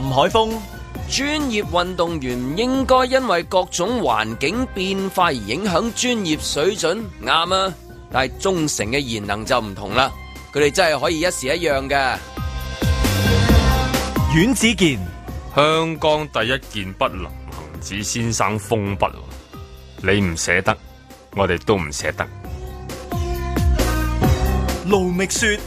林海峰，專業運動員唔應該因為各種環境變化而影響專業水準，啱啊！但係忠誠嘅賢能就唔同啦，佢哋真係可以一時一樣嘅。阮子健，香港第一健筆林行止先生，封筆，你唔捨得，我哋都唔捨得。盧覓雪，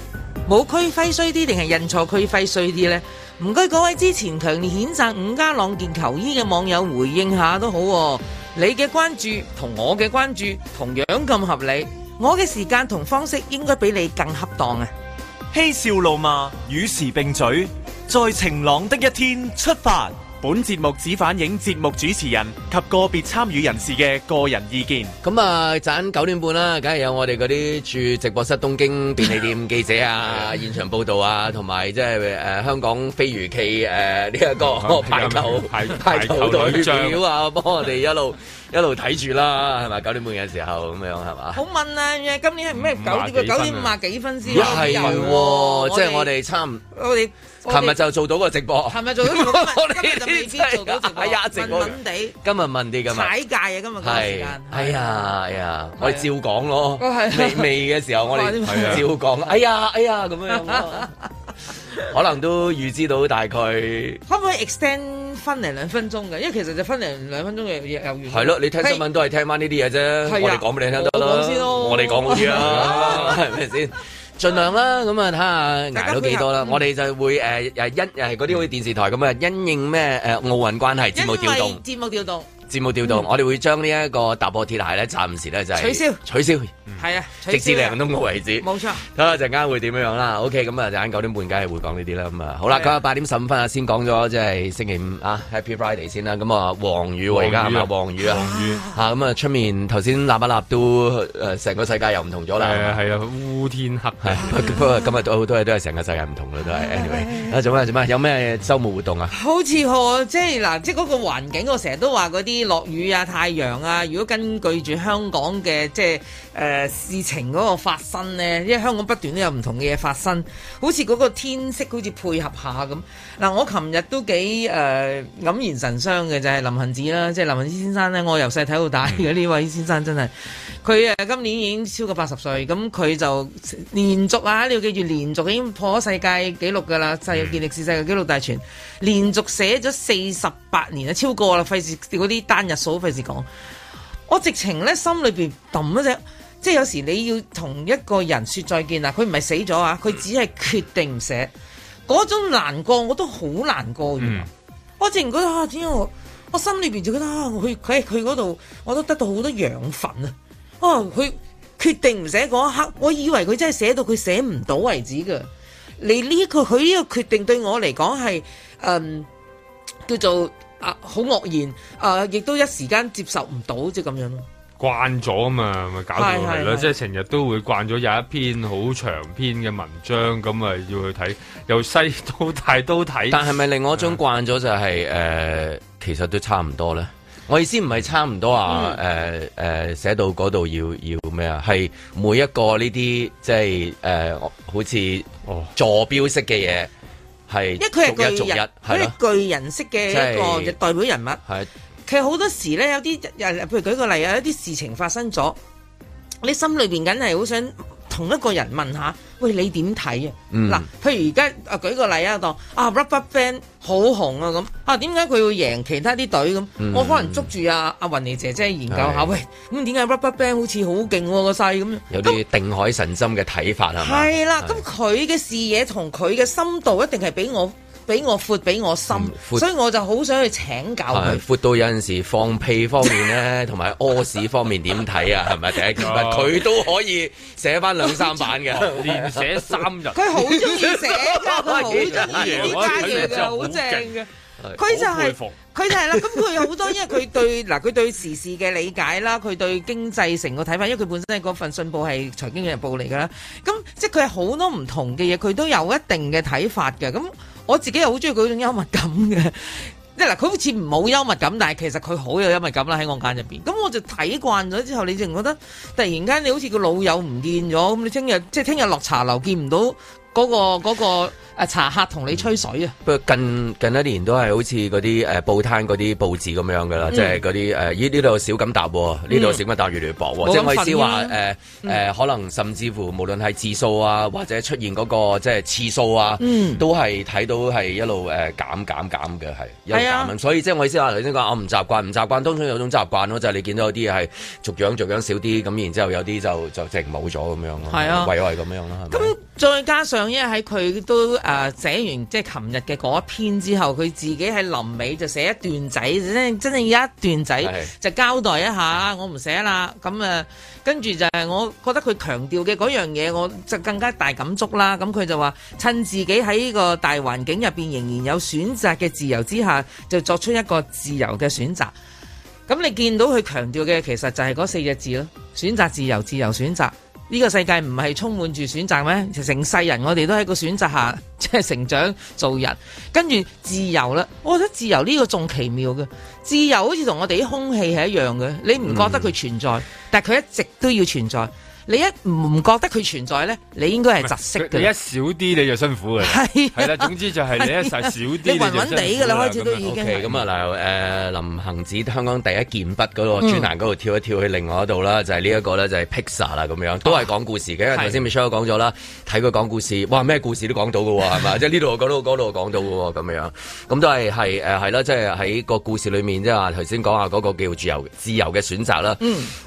冇區徽衰啲定係認錯區徽衰啲呢？」唔該，各位之前強烈譴責伍家朗件球衣嘅網友回應下都好，哦，你嘅關注同我嘅關注同樣咁合理，我嘅時間同方式應該比你更恰當啊！嬉笑怒罵與時並舉，在晴朗的一天出發。本節目只反映節目主持人及個別參與人士嘅個人意見。咁啊，盞九點半啦、啊，梗係有我哋嗰啲駐直播室東京便利店記者啊， 現場報道啊，同埋即係誒香港飛魚旗誒呢一個排頭排頭隊表啊，幫我哋一路一路睇住啦，係 咪？九點半嘅時候咁樣係嘛？好問啊，今年係咩九點九點五啊幾分先、啊？一係，即係我哋差唔？我哋。就是我琴日就做到個直播，琴日做到。我哋今日點點點做到直播？ 哎呀，靜靜今日問啲咁啊，戒啊，今日個時間哎，哎，哎呀，哎呀，我哋照講咯。未未嘅時候，我哋照講哎呀，哎呀，咁樣樣， 可能都預知到大概。 可唔可以 extend 分嚟兩分鐘嘅？因為其實就分嚟兩分鐘嘅，有完。係咯，你聽新聞都係聽翻呢啲嘢啫。我哋講俾你聽得啦。我講先咯，我哋講好啲啊，係咩先？ 儘量啦，咁啊，睇下捱到幾多啦。我哋就會誒誒、呃、因誒嗰啲好似電視台咁啊，因應咩誒、呃、奧運關係節目調動，節目調動。節目調動，嗯、我哋會將呢一個踏破鐵鞋咧，暫時咧就係取消，取消，係、嗯、啊，直至另行通告為止，冇錯。睇下陣間會點樣樣啦。OK，咁啊，陣間九點半梗係會講呢啲啦。咁、嗯、啊，好啦，今日八點十五分啊，分先講咗即係星期五啊，Happy Friday 先啦。咁啊，黃宇，我而家係啊，黃宇啊，咁啊，出、啊啊 啊、面頭先立一立都成、啊、個世界又唔同咗啦。係 啊，係啊，烏天黑、 啊、今日都好多嘢都係成個世界唔同啦，都係。Anyway， 啊、做咩做咩？有咩週末活動啊？好似我即係嗱，即係嗰個環境，我成日都話嗰啲。落雨啊，太陽啊！如果根據住香港嘅即係誒事情嗰個發生呢，因為香港不斷都有唔同嘅嘢發生，好似嗰個天色好似配合一下咁。嗱、啊，我琴日都幾誒黯然神傷嘅就係、是、林行止啦，即係林行止先生呢，我由細睇到大嘅呢位先生真係，佢誒、啊、今年已經超過八十歲，咁佢就連續啊你要記住，連續已經破咗世界紀錄噶啦，就要健力士世界紀錄大全。連續寫咗四十八年啊，超過啦，費事嗰啲單日數，費事講。我直情咧，心裏邊抌一只，即係有時你要同一個人說再見啊，佢唔係死咗啊，佢只係決定唔寫，嗰種難過我都好難過。嘅、嗯。我直情覺得啊，點解我我心裏邊就覺得啊，佢佢喺嗰度，我都得到好多養分啊。哦，佢決定唔寫嗰一刻，我以為佢真係寫到佢寫唔到為止嘅。你呢個佢呢個決定對我嚟講係。嗯、um，叫做啊，好愕然啊，亦都一時間接受唔到，即係咁樣咯。慣咗啊嘛，咪搞掂係咯，即係成日都會慣咗有一篇好長篇嘅文章，咁啊要去睇，由細到大都睇。但係咪另外一種慣咗就係、是、誒、啊呃，其實都差唔多咧。我意思唔係差唔多啊，誒、嗯、誒、呃、寫、呃、到嗰度要要咩啊？係每一個呢啲即係誒、呃，好似坐標式嘅嘢。哦係，因為佢係巨人，一巨，巨人式嘅一個代表人物。其實好多時咧，有啲譬如舉個例啊，有一啲事情發生咗，你心裏邊梗係好想。同一個人問下，喂你點睇啊？嗱、嗯，譬如而家啊，舉個例啊，當啊 Rubberband 好紅啊，咁啊點解佢會贏其他啲隊咁、嗯？我可能捉住阿、啊、阿雲妮姐姐研究下，喂，咁點解 Rubberband 好似好勁個勢咁？有啲定海神針嘅睇法啊。」係咪？係啦，咁佢嘅視野同佢嘅深度一定係比我。俾我闊，俾我深、嗯。所以我就好想去請教佢闊、嗯、到有陣時放屁方面咧，同埋屙屎方面點睇啊？係咪第一件？佢 都可以寫翻兩三版嘅，連 寫三日。佢好中意寫㗎，佢好中意介嘢好正嘅。佢 就係佢 就係、是、啦。咁佢好多， 因為佢對嗱佢對時事嘅理解啦，佢對經濟成個睇法，因為佢本身係嗰份信報係財經日報嚟㗎啦。咁即係佢好多唔同嘅嘢，佢都有一定嘅睇法嘅。咁我自己又好中意佢嗰種幽默感嘅，即係嗱，佢好似唔冇幽默感，但係其實佢好有幽默感啦喺我眼入邊。咁我就睇慣咗之後，你就覺得突然間你好似個老友唔見咗，咁你聽日即係聽日落茶樓見唔到嗰個嗰個，那個誒茶客同你吹水啊！不、嗯、過近近一年都係好似嗰啲誒報攤嗰啲報紙咁樣嘅啦、嗯，即係嗰啲誒依呢度少咁答，呢度少咁答越嚟越薄。即係我意思話誒誒，可、嗯、能、呃呃、甚至乎無論係字數啊，或者出現嗰、那個即係次數啊，嗯、都係睇到係一路誒減減減嘅，係一路減。啊、所以即係我意思話頭先講，我唔習慣，唔習慣，當中有種習慣咯，就係、是、你見到有啲嘢係逐樣逐樣少啲，咁然之後有啲就就直冇咗咁樣咯。係啊，為愛咁樣咯。咁、啊、再加上因為喺佢都。誒、呃、寫完即係琴日嘅嗰一篇之後，佢自己喺臨尾就寫一段仔，真真正一段仔就交代一下，我唔寫啦。咁跟住就係、是、我覺得佢強調嘅嗰樣嘢，我就更加大感觸啦。咁佢就話趁自己喺呢個大環境入面仍然有選擇嘅自由之下，就作出一個自由嘅選擇。咁你見到佢強調嘅其實就係嗰四隻字咯，選擇自由，自由選擇。呢個世界唔係充滿住選擇咩？成世人我哋都喺個選擇下，即係成長做人，跟住自由啦。我覺得自由呢個仲奇妙嘅，自由好似同我哋啲空氣係一樣嘅，你唔覺得佢存在，但係佢一直都要存在。你一唔覺得佢存在咧，你應該係窒息嘅。你一少啲你就辛苦嘅。係係啦，總之就係你一實少啲，你，你就辛你地㗎啦，你開始都已經。O K，咁啊，嗱、呃，林行子香港第一劍筆嗰個專欄嗰度跳一跳去另外一度啦，就係、是、呢一個咧，就係 Pizza 啦，咁樣都係講故事嘅。頭、啊、先 Michelle 講咗啦，睇佢講故事，哇，咩故事都講到㗎喎，係嘛？ 即呢度又講到，嗰度講講到㗎喎，咁樣咁都係係誒係啦，即係喺個故事裏面啫嘛。頭先講下嗰個叫自由自由嘅選擇啦。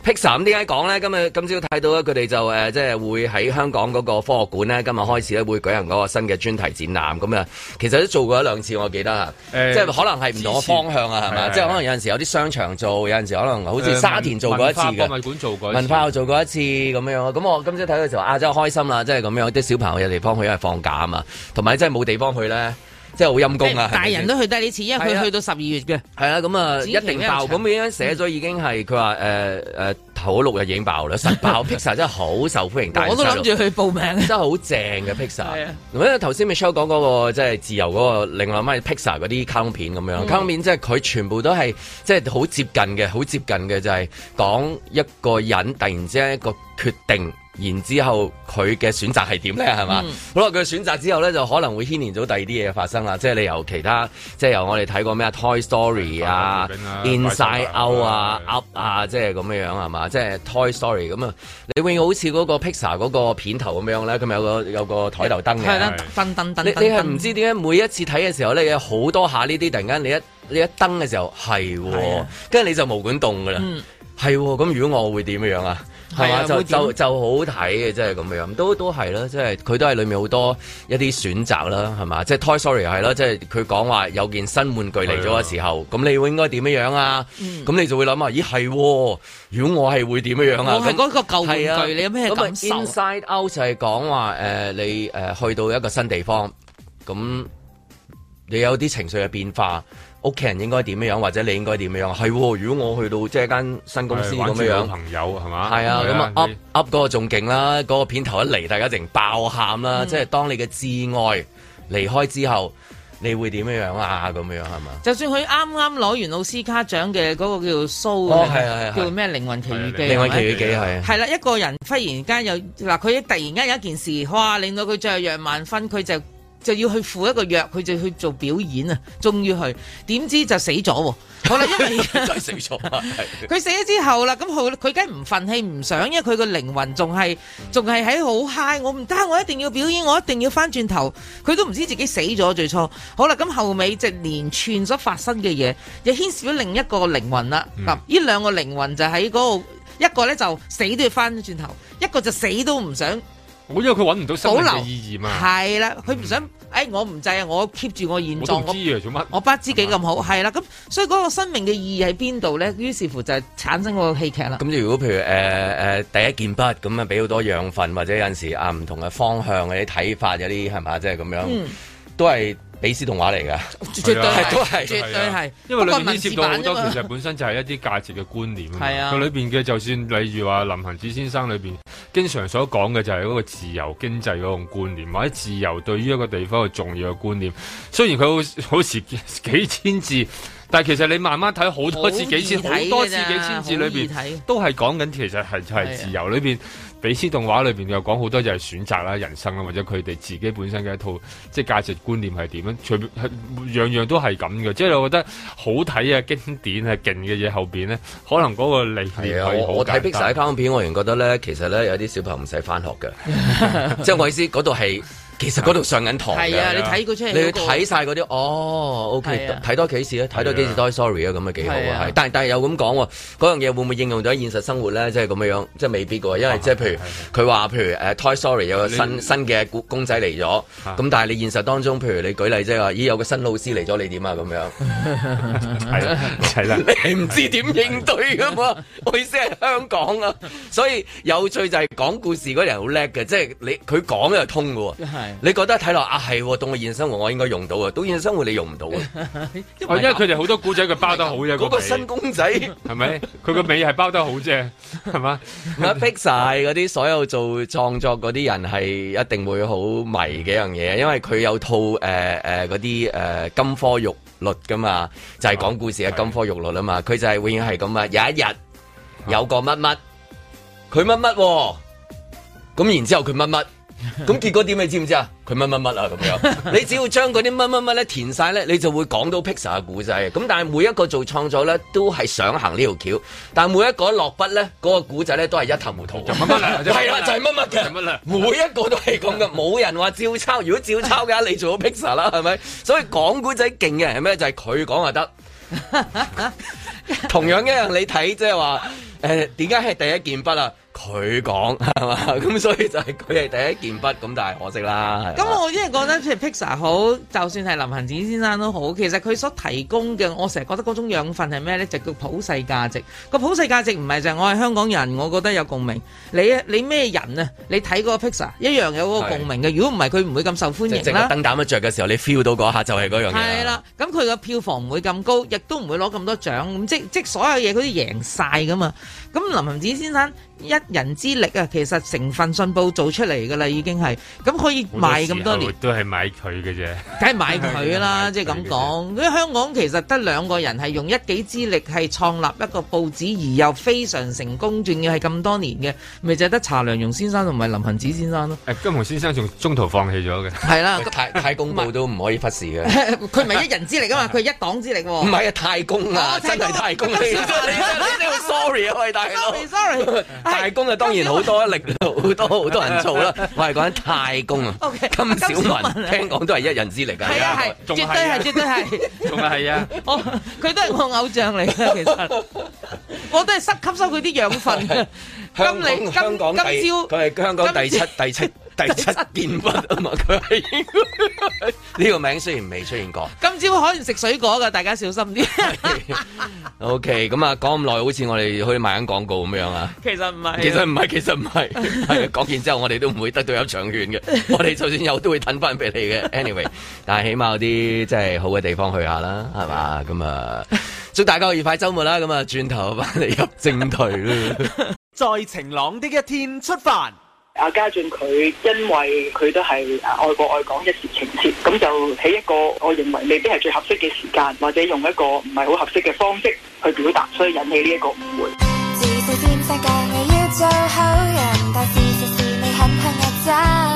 p i z z a 咁點解講咧？今日今朝睇到一個。佢哋就誒、呃，即係會喺香港嗰個科學館咧，今日開始咧會舉行嗰個新嘅專題展覽。咁啊，其實都做過一兩次，我記得啊、呃，即係可能係唔同嘅方向啊，係嘛？即係可能有陣時有啲商場做，有陣時可能好似沙田做過一次、呃、文化博物館做過，文化又做過一次咁、嗯、樣咁我今朝睇到時候，啊，真係開心啦，即係咁樣啲小朋友有地方去，因為放假啊嘛，同埋真係冇地方去咧。即係好陰功啊！大人都去得呢次，因為佢去到十二月嘅。係啦、啊，咁啊一定爆！咁、嗯、已經寫咗，已經係佢話誒誒頭六日已經爆啦，實爆！Pizza 真係好受歡迎，大我都諗住去報名真。真係好正嘅披薩。嗰啲頭先 Michelle 講嗰個即係自由嗰、那個另外一蚊 Pizza 嗰啲坑片咁樣，坑、嗯、片即係佢全部都係即係好接近嘅，好接近嘅就係、是、講一個人突然之間一個決定。然之後佢嘅選擇係點咧？係嘛？好啦，佢嘅選擇之後咧，就可能會牽連咗第二啲嘢發生啦。即係你由其他，即係由我哋睇過咩啊？Toy Story 啊 Inside Out 啊，Up 啊，啊，啊，啊，啊，即係咁樣樣係嘛？即係 Toy Story 咁啊！你永遠好似嗰個 Pixar 嗰個片頭咁樣咧，佢咪有個有個台頭燈嘅？係啦，燈燈燈。你你係唔知點解每一次睇嘅時候咧，有好多下呢啲突然間你一你一燈嘅時候係，跟住、哦啊、你就無管動噶啦。嗯是、哦，係咁，如果我會點樣啊？係啊，就就就好睇嘅，即係咁樣，都都係啦，即係佢都係裏面好多一啲選擇啦，係嘛，即係 Toy Story 係啦，即係佢講話有件新玩具嚟咗嘅時候，咁、啊、你會應該點樣樣啊？咁、嗯、你就會諗啊，咦係、啊？如果我係會點樣樣啊？嗯、我係嗰個舊玩具，啊、你有咩感受？Inside Out 就係講話誒，你誒、呃、去到一個新地方，咁你有啲情緒嘅變化。屋企人應該點樣，或者你應該點樣？係、哦、如果我去到即係間新公司咁樣樣，是朋友係嘛？係啊，咁啊那 up you... up 嗰個仲勁啦，嗰、那個片頭一嚟，大家成爆喊啦、嗯！即係當你嘅摯愛離開之後，你會點樣樣啊？咁樣係嘛？就算佢啱啱攞完奧斯卡獎嘅嗰個叫蘇、哦，哦係係係，叫咩？《靈魂奇遇記》啊，《靈魂奇遇記》係、啊。係啦、啊啊啊，一個人忽然間有嗱，佢突然間有一件事，哇，令到佢雀躍萬分，佢就。就要去赴一個約，佢就去做表演啊！終於去，點知就死咗喎！好啦，因為再死咗，佢死咗之後啦，咁後佢梗係唔憤氣唔想，因為佢個靈魂仲係仲係喺好 high，我唔得，我一定要表演，我一定要翻轉頭。佢都唔知自己死咗最初。好啦，咁後尾就連串所發生嘅嘢，就牽涉咗另一個靈魂啦。咁呢兩個靈魂就喺嗰度一個咧就死都要翻轉頭，一個就死都唔想。我、哦、因為佢揾唔到生命嘅意義嘛，係啦，佢唔、嗯、想，誒、哎，我唔制啊，我 keep 住我現狀，我不知嚟做乜，我不知幾咁好，係啦，咁所以嗰個生命嘅意義喺邊度咧？於是乎就係產生個戲劇啦。咁如果譬如誒、呃、第一件筆咁啊，俾好多養分或者有陣時啊唔同嘅方向嘅啲睇法嗰啲係咪？即係咁樣，嗯、都係。俾斯動畫嚟㗎，絕對係，都係，絕對係。因為裏邊牽涉到好多，其實本身就係一啲價值嘅觀念。係啊，佢裏面嘅就算例如話林行止先生裏面經常所講嘅就係一個自由經濟嗰種觀念，或者自由對於一個地方嘅重要嘅觀念。雖然佢好好似幾千字，但係其實你慢慢睇好多次幾千、好多次幾千字裏面都係講緊其實係就係自由裏面。比斯動畫裏面又講好多就係選擇啦、人生啦，或者佢哋自己本身嘅一套即係價值觀念係點樣，隨係樣樣都係咁嘅。即係我覺得好睇啊、經典啊、勁嘅嘢後面咧，可能嗰個理念係好簡單。我睇《碧沙啲卡通片》，我原覺得咧，其實咧有啲小朋友唔使翻學㗎。 即係我意思嗰度係其實嗰度上緊堂，嘅，啊！你睇出嚟、那個，你要睇晒嗰啲哦，OK，睇、啊、多幾次，多次啊睇多幾次 Toy Story 啊，咁啊幾好啊，但係但係有咁講喎，嗰樣嘢會唔會應用到喺現實生活咧？即係咁樣，即、就、係、是、未必喎。因為即係譬如佢話，譬如誒、啊啊 uh, Toy Story 有個新新嘅公仔嚟咗，咁、啊、但係你現實當中，譬如你舉例即係話，咦、就是、有個新老師嚟咗，你點啊咁樣？係啦，係啦，你唔知點應對嘅嘛？我 意思係香港啊，所以有趣就係講故事嗰人好叻嘅，即係你佢講又通嘅。 你覺得睇落啊，係當我現生活，我應該用到啊。當現生活你用唔到啊，因為佢哋好多古仔，佢包得好啫。嗰 個、那個新公仔係咪？佢個尾係包得好啫，係嘛？啊 ，Pixar 嗰啲所有做創作嗰啲人係一定會好迷嘅樣嘢，因為佢有套誒誒嗰啲誒金科玉律㗎嘛，就係、是、講故事嘅金科玉律啊嘛。佢、啊、就係永遠係咁啊！有一日有個乜乜，佢乜乜，咁然之後佢乜乜。咁 結果點，你知唔知啊？佢乜乜乜啊咁樣，你，什麼什麼、啊、樣 你只要將嗰啲乜乜乜咧填晒咧，你就會講到 Pixar 嘅古仔。咁但係每一個做創作咧，都係想行呢條橋，但係每一個落筆咧，嗰、那個古仔咧都係一頭糊塗，就乜乜係啊，就係乜乜嘅，乜啦，每一個都係咁嘅，冇人話照抄。如果照抄嘅話，你做到 Pixar 啦，係咪？所以講古仔勁嘅係咩？就係佢講就得。 同樣一樣，你睇即係話，誒、就是，點解係第一件筆啊？佢講係嘛？咁所以就係佢係第一件筆，咁但係可惜啦。咁我依家講得譬如 Pixar 好，就算係林行子先生都好。其實佢所提供嘅，我成日覺得嗰種養分係咩咧？就叫普世價值。個普世價值唔係就係我係香港人，我覺得有共鳴。你你咩人啊？你睇嗰個 Pixar 一樣有個共鳴嘅。如果唔係，佢唔會咁受歡迎啦。直直燈膽一着嘅時候，你 feel 到嗰下就係嗰樣嘢。係啦，咁佢嘅票房唔會咁高，亦都唔會攞咁多獎。咁即即所有嘢佢都贏晒噶嘛。咁林行止先生一人之力啊，其實成份信報做出嚟噶啦，已經係咁可以賣咁多年，多都係買佢嘅啫，梗係買佢啦，即係咁講。香港其實得兩個人係用一己之力係創立一個報紙，而又非常成功，仲要係咁多年嘅，咪就係得查良鏞先生同埋林行止先生咯、啊。金庸先生仲中途放棄咗嘅，係啦，太太 公報都唔可以忽視嘅，佢唔係一人之力噶嘛，佢 係一黨之力。唔係啊，太、啊、公啊， 真係太公嚟好 sorry 啊，可 以、 啊。 Sorry, sorry，大公啊，當然好多力量很多，好多好多人做啦。 我係講緊太公啊，咁、okay, 小文，小文聽講都係一人之力噶，係啊係、啊，絕對係、啊、絕對係，仲係啊，啊 我佢都係我偶像嚟噶，其實 我都係吸吸收佢啲養分。是是香港，香港第今朝佢係香港第七第七第七見乜啊嘛？佢係呢個名雖然未出現過，今朝可以食水果噶大家小心啲。O K，咁啊，講咁耐好似我哋去賣緊廣告咁樣啊？其實唔係，其實唔係，其實唔係，係講完之後我哋都唔會得到有長券嘅，我哋就算有都會吞翻俾你嘅。Anyway，但係起碼有啲即係好嘅地方去一下啦，係嘛？咁啊，祝大家愉快週末啦！咁啊，轉頭翻嚟入正題啦。 在晴朗的一天出發，阿家俊佢因為佢都係愛國愛港一時情切，咁就起一個我認為未必係最合適嘅時間，或者用一個唔係好合適嘅方式去表達，所以引起呢一個誤會。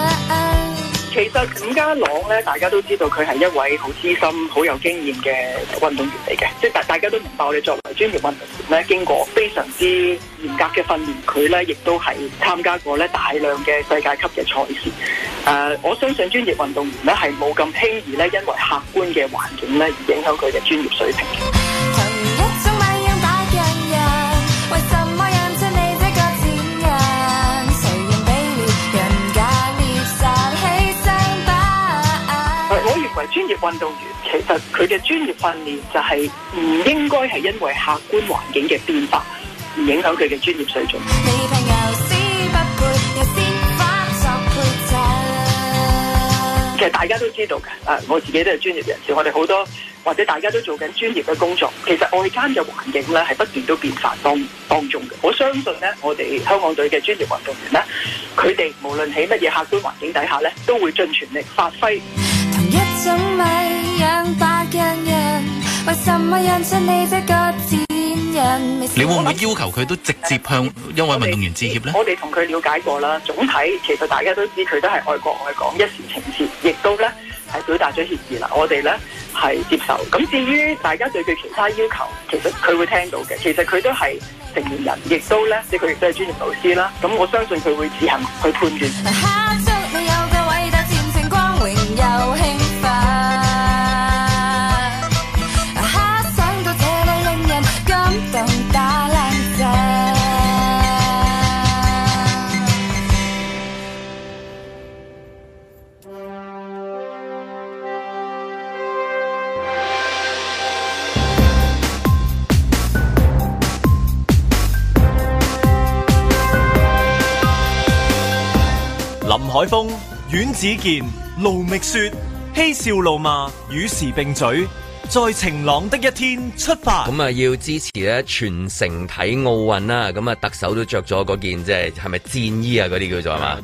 其實伍家朗咧，大家都知道佢係一位好資深、好有經驗嘅運動員嚟嘅，即係大大家都明白，我哋作為專業運動員咧，經過非常之嚴格嘅訓練，佢咧亦都係參加過咧大量嘅世界級嘅賽事。呃，我相信專業運動員咧係冇咁輕易咧，因為客觀嘅環境咧而影響佢嘅專業水平。為專業運動員，其實佢嘅專業訓練就係唔應該係因為客觀環境嘅變化而影響佢嘅專業水準。其實大家都知道嘅，啊，我自己都係專業人士，我哋好多或者大家都做緊專業嘅工作，其實外間嘅環境咧係不斷都變化當當中嘅。我相信咧，我哋香港隊嘅專業運動員咧，佢哋無論喺乜嘢客觀環境底下咧，都會盡全力發揮。你會唔會要求佢都直接向一位運動員致歉咧？我哋同佢了解過啦，總體其實大家都知佢都係愛國愛港，一時情切，亦都咧係表達咗歉意啦。我哋咧係接受。咁至於大家對佢其他要求，其實佢會聽到嘅。其實佢都係成年人，亦都咧即係佢亦都係專業老師啦。咁我相信佢會自行去判斷。風阮子健盧覓雪嬉笑怒罵與時並進，在晴朗的一天出發。咁啊，要支持咧，全城睇奧運啦！咁啊，特首都着咗嗰件即係係咪戰衣啊？嗰啲叫做係嘛？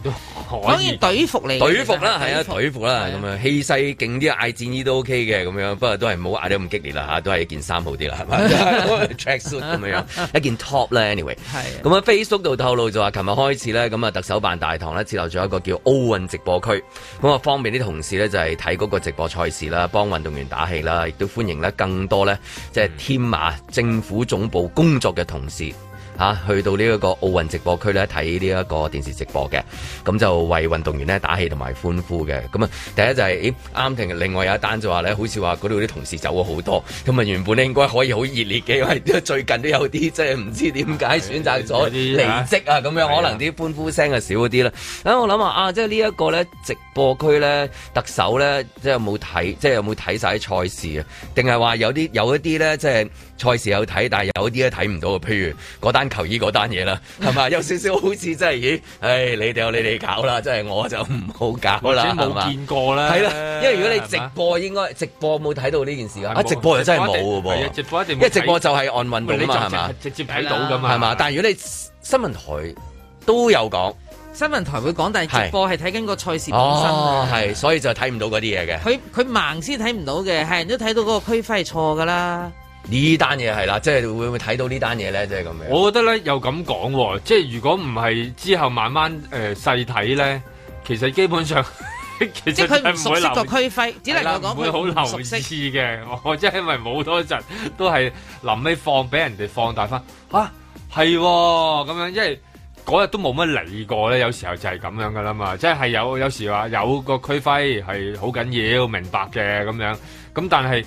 當然隊服嚟，隊服啦，係啊，隊服啦，咁樣氣勢勁啲嗌戰衣都 OK 嘅，咁樣不過都係唔好嗌得咁激烈啦、啊、都係一件衫好啲啦，係咪？Track suit 咁樣，一件 top 咧，anyway，咁啊，Facebook 度透露就話，琴日開始咧，咁啊，特首辦大堂咧設立咗一個叫奧運直播區，咁啊，方便啲同事咧就係睇嗰個直播賽事啦，幫運動員打氣啦，亦都歡迎咧更多咧即係添馬、嗯、政府總部工作嘅同事。嚇，去到呢一個奧運直播區咧睇呢一個電視直播嘅，咁就為運動員咧打氣同埋歡呼嘅。咁啊，第一就係、咦、啱停。另外有一單就話咧，好似話嗰度啲同事走咗好多，咁啊原本應該可以好熱烈嘅，因為最近都有啲即係唔知點解選擇咗離職啊，咁樣可能啲歡呼聲啊少咗啲啦。啊，我諗下啊，即係呢一個咧直播區咧特首咧，即係有冇睇，即係有冇睇晒賽事啊？定係話有啲有一啲咧，即係賽事有睇，但係有啲咧睇唔到啊。譬如嗰單。求醫嗰單嘢啦，係嘛？有少少好似真係咦？誒、哎，你哋有你哋搞啦，真係我就唔好搞啦，係嘛？冇見過啦，係啦。因為如果你直播應該直播冇睇到呢件事啊，直播又真係冇嘅直播一定直，因為直播就係按運表嘛係嘛？直接睇到㗎嘛係嘛？但係如果你新聞台都有講，新聞台會講，但係直播係睇緊個賽事本身，係、哦、所以就睇唔到嗰啲嘢嘅。佢佢盲先睇唔到嘅，係人都睇到嗰個區塊係錯㗎啦。呢單嘢係啦，即係會唔會睇到呢單嘢咧？即係咁樣。我覺得咧又咁講，哦，即係如果唔係之後慢慢誒、呃、細睇咧，其實基本上，其實即係佢唔熟悉、這個區徽，只能夠講佢好留意嘅。我、哦、即係因為冇多一陣都係臨尾放俾人哋放大翻，吓、啊？係咁樣，因為嗰日都冇乜嚟過咧。有時候就係咁樣噶啦嘛，即係有有時話有個區徽係好緊要明白嘅咁樣，咁但係。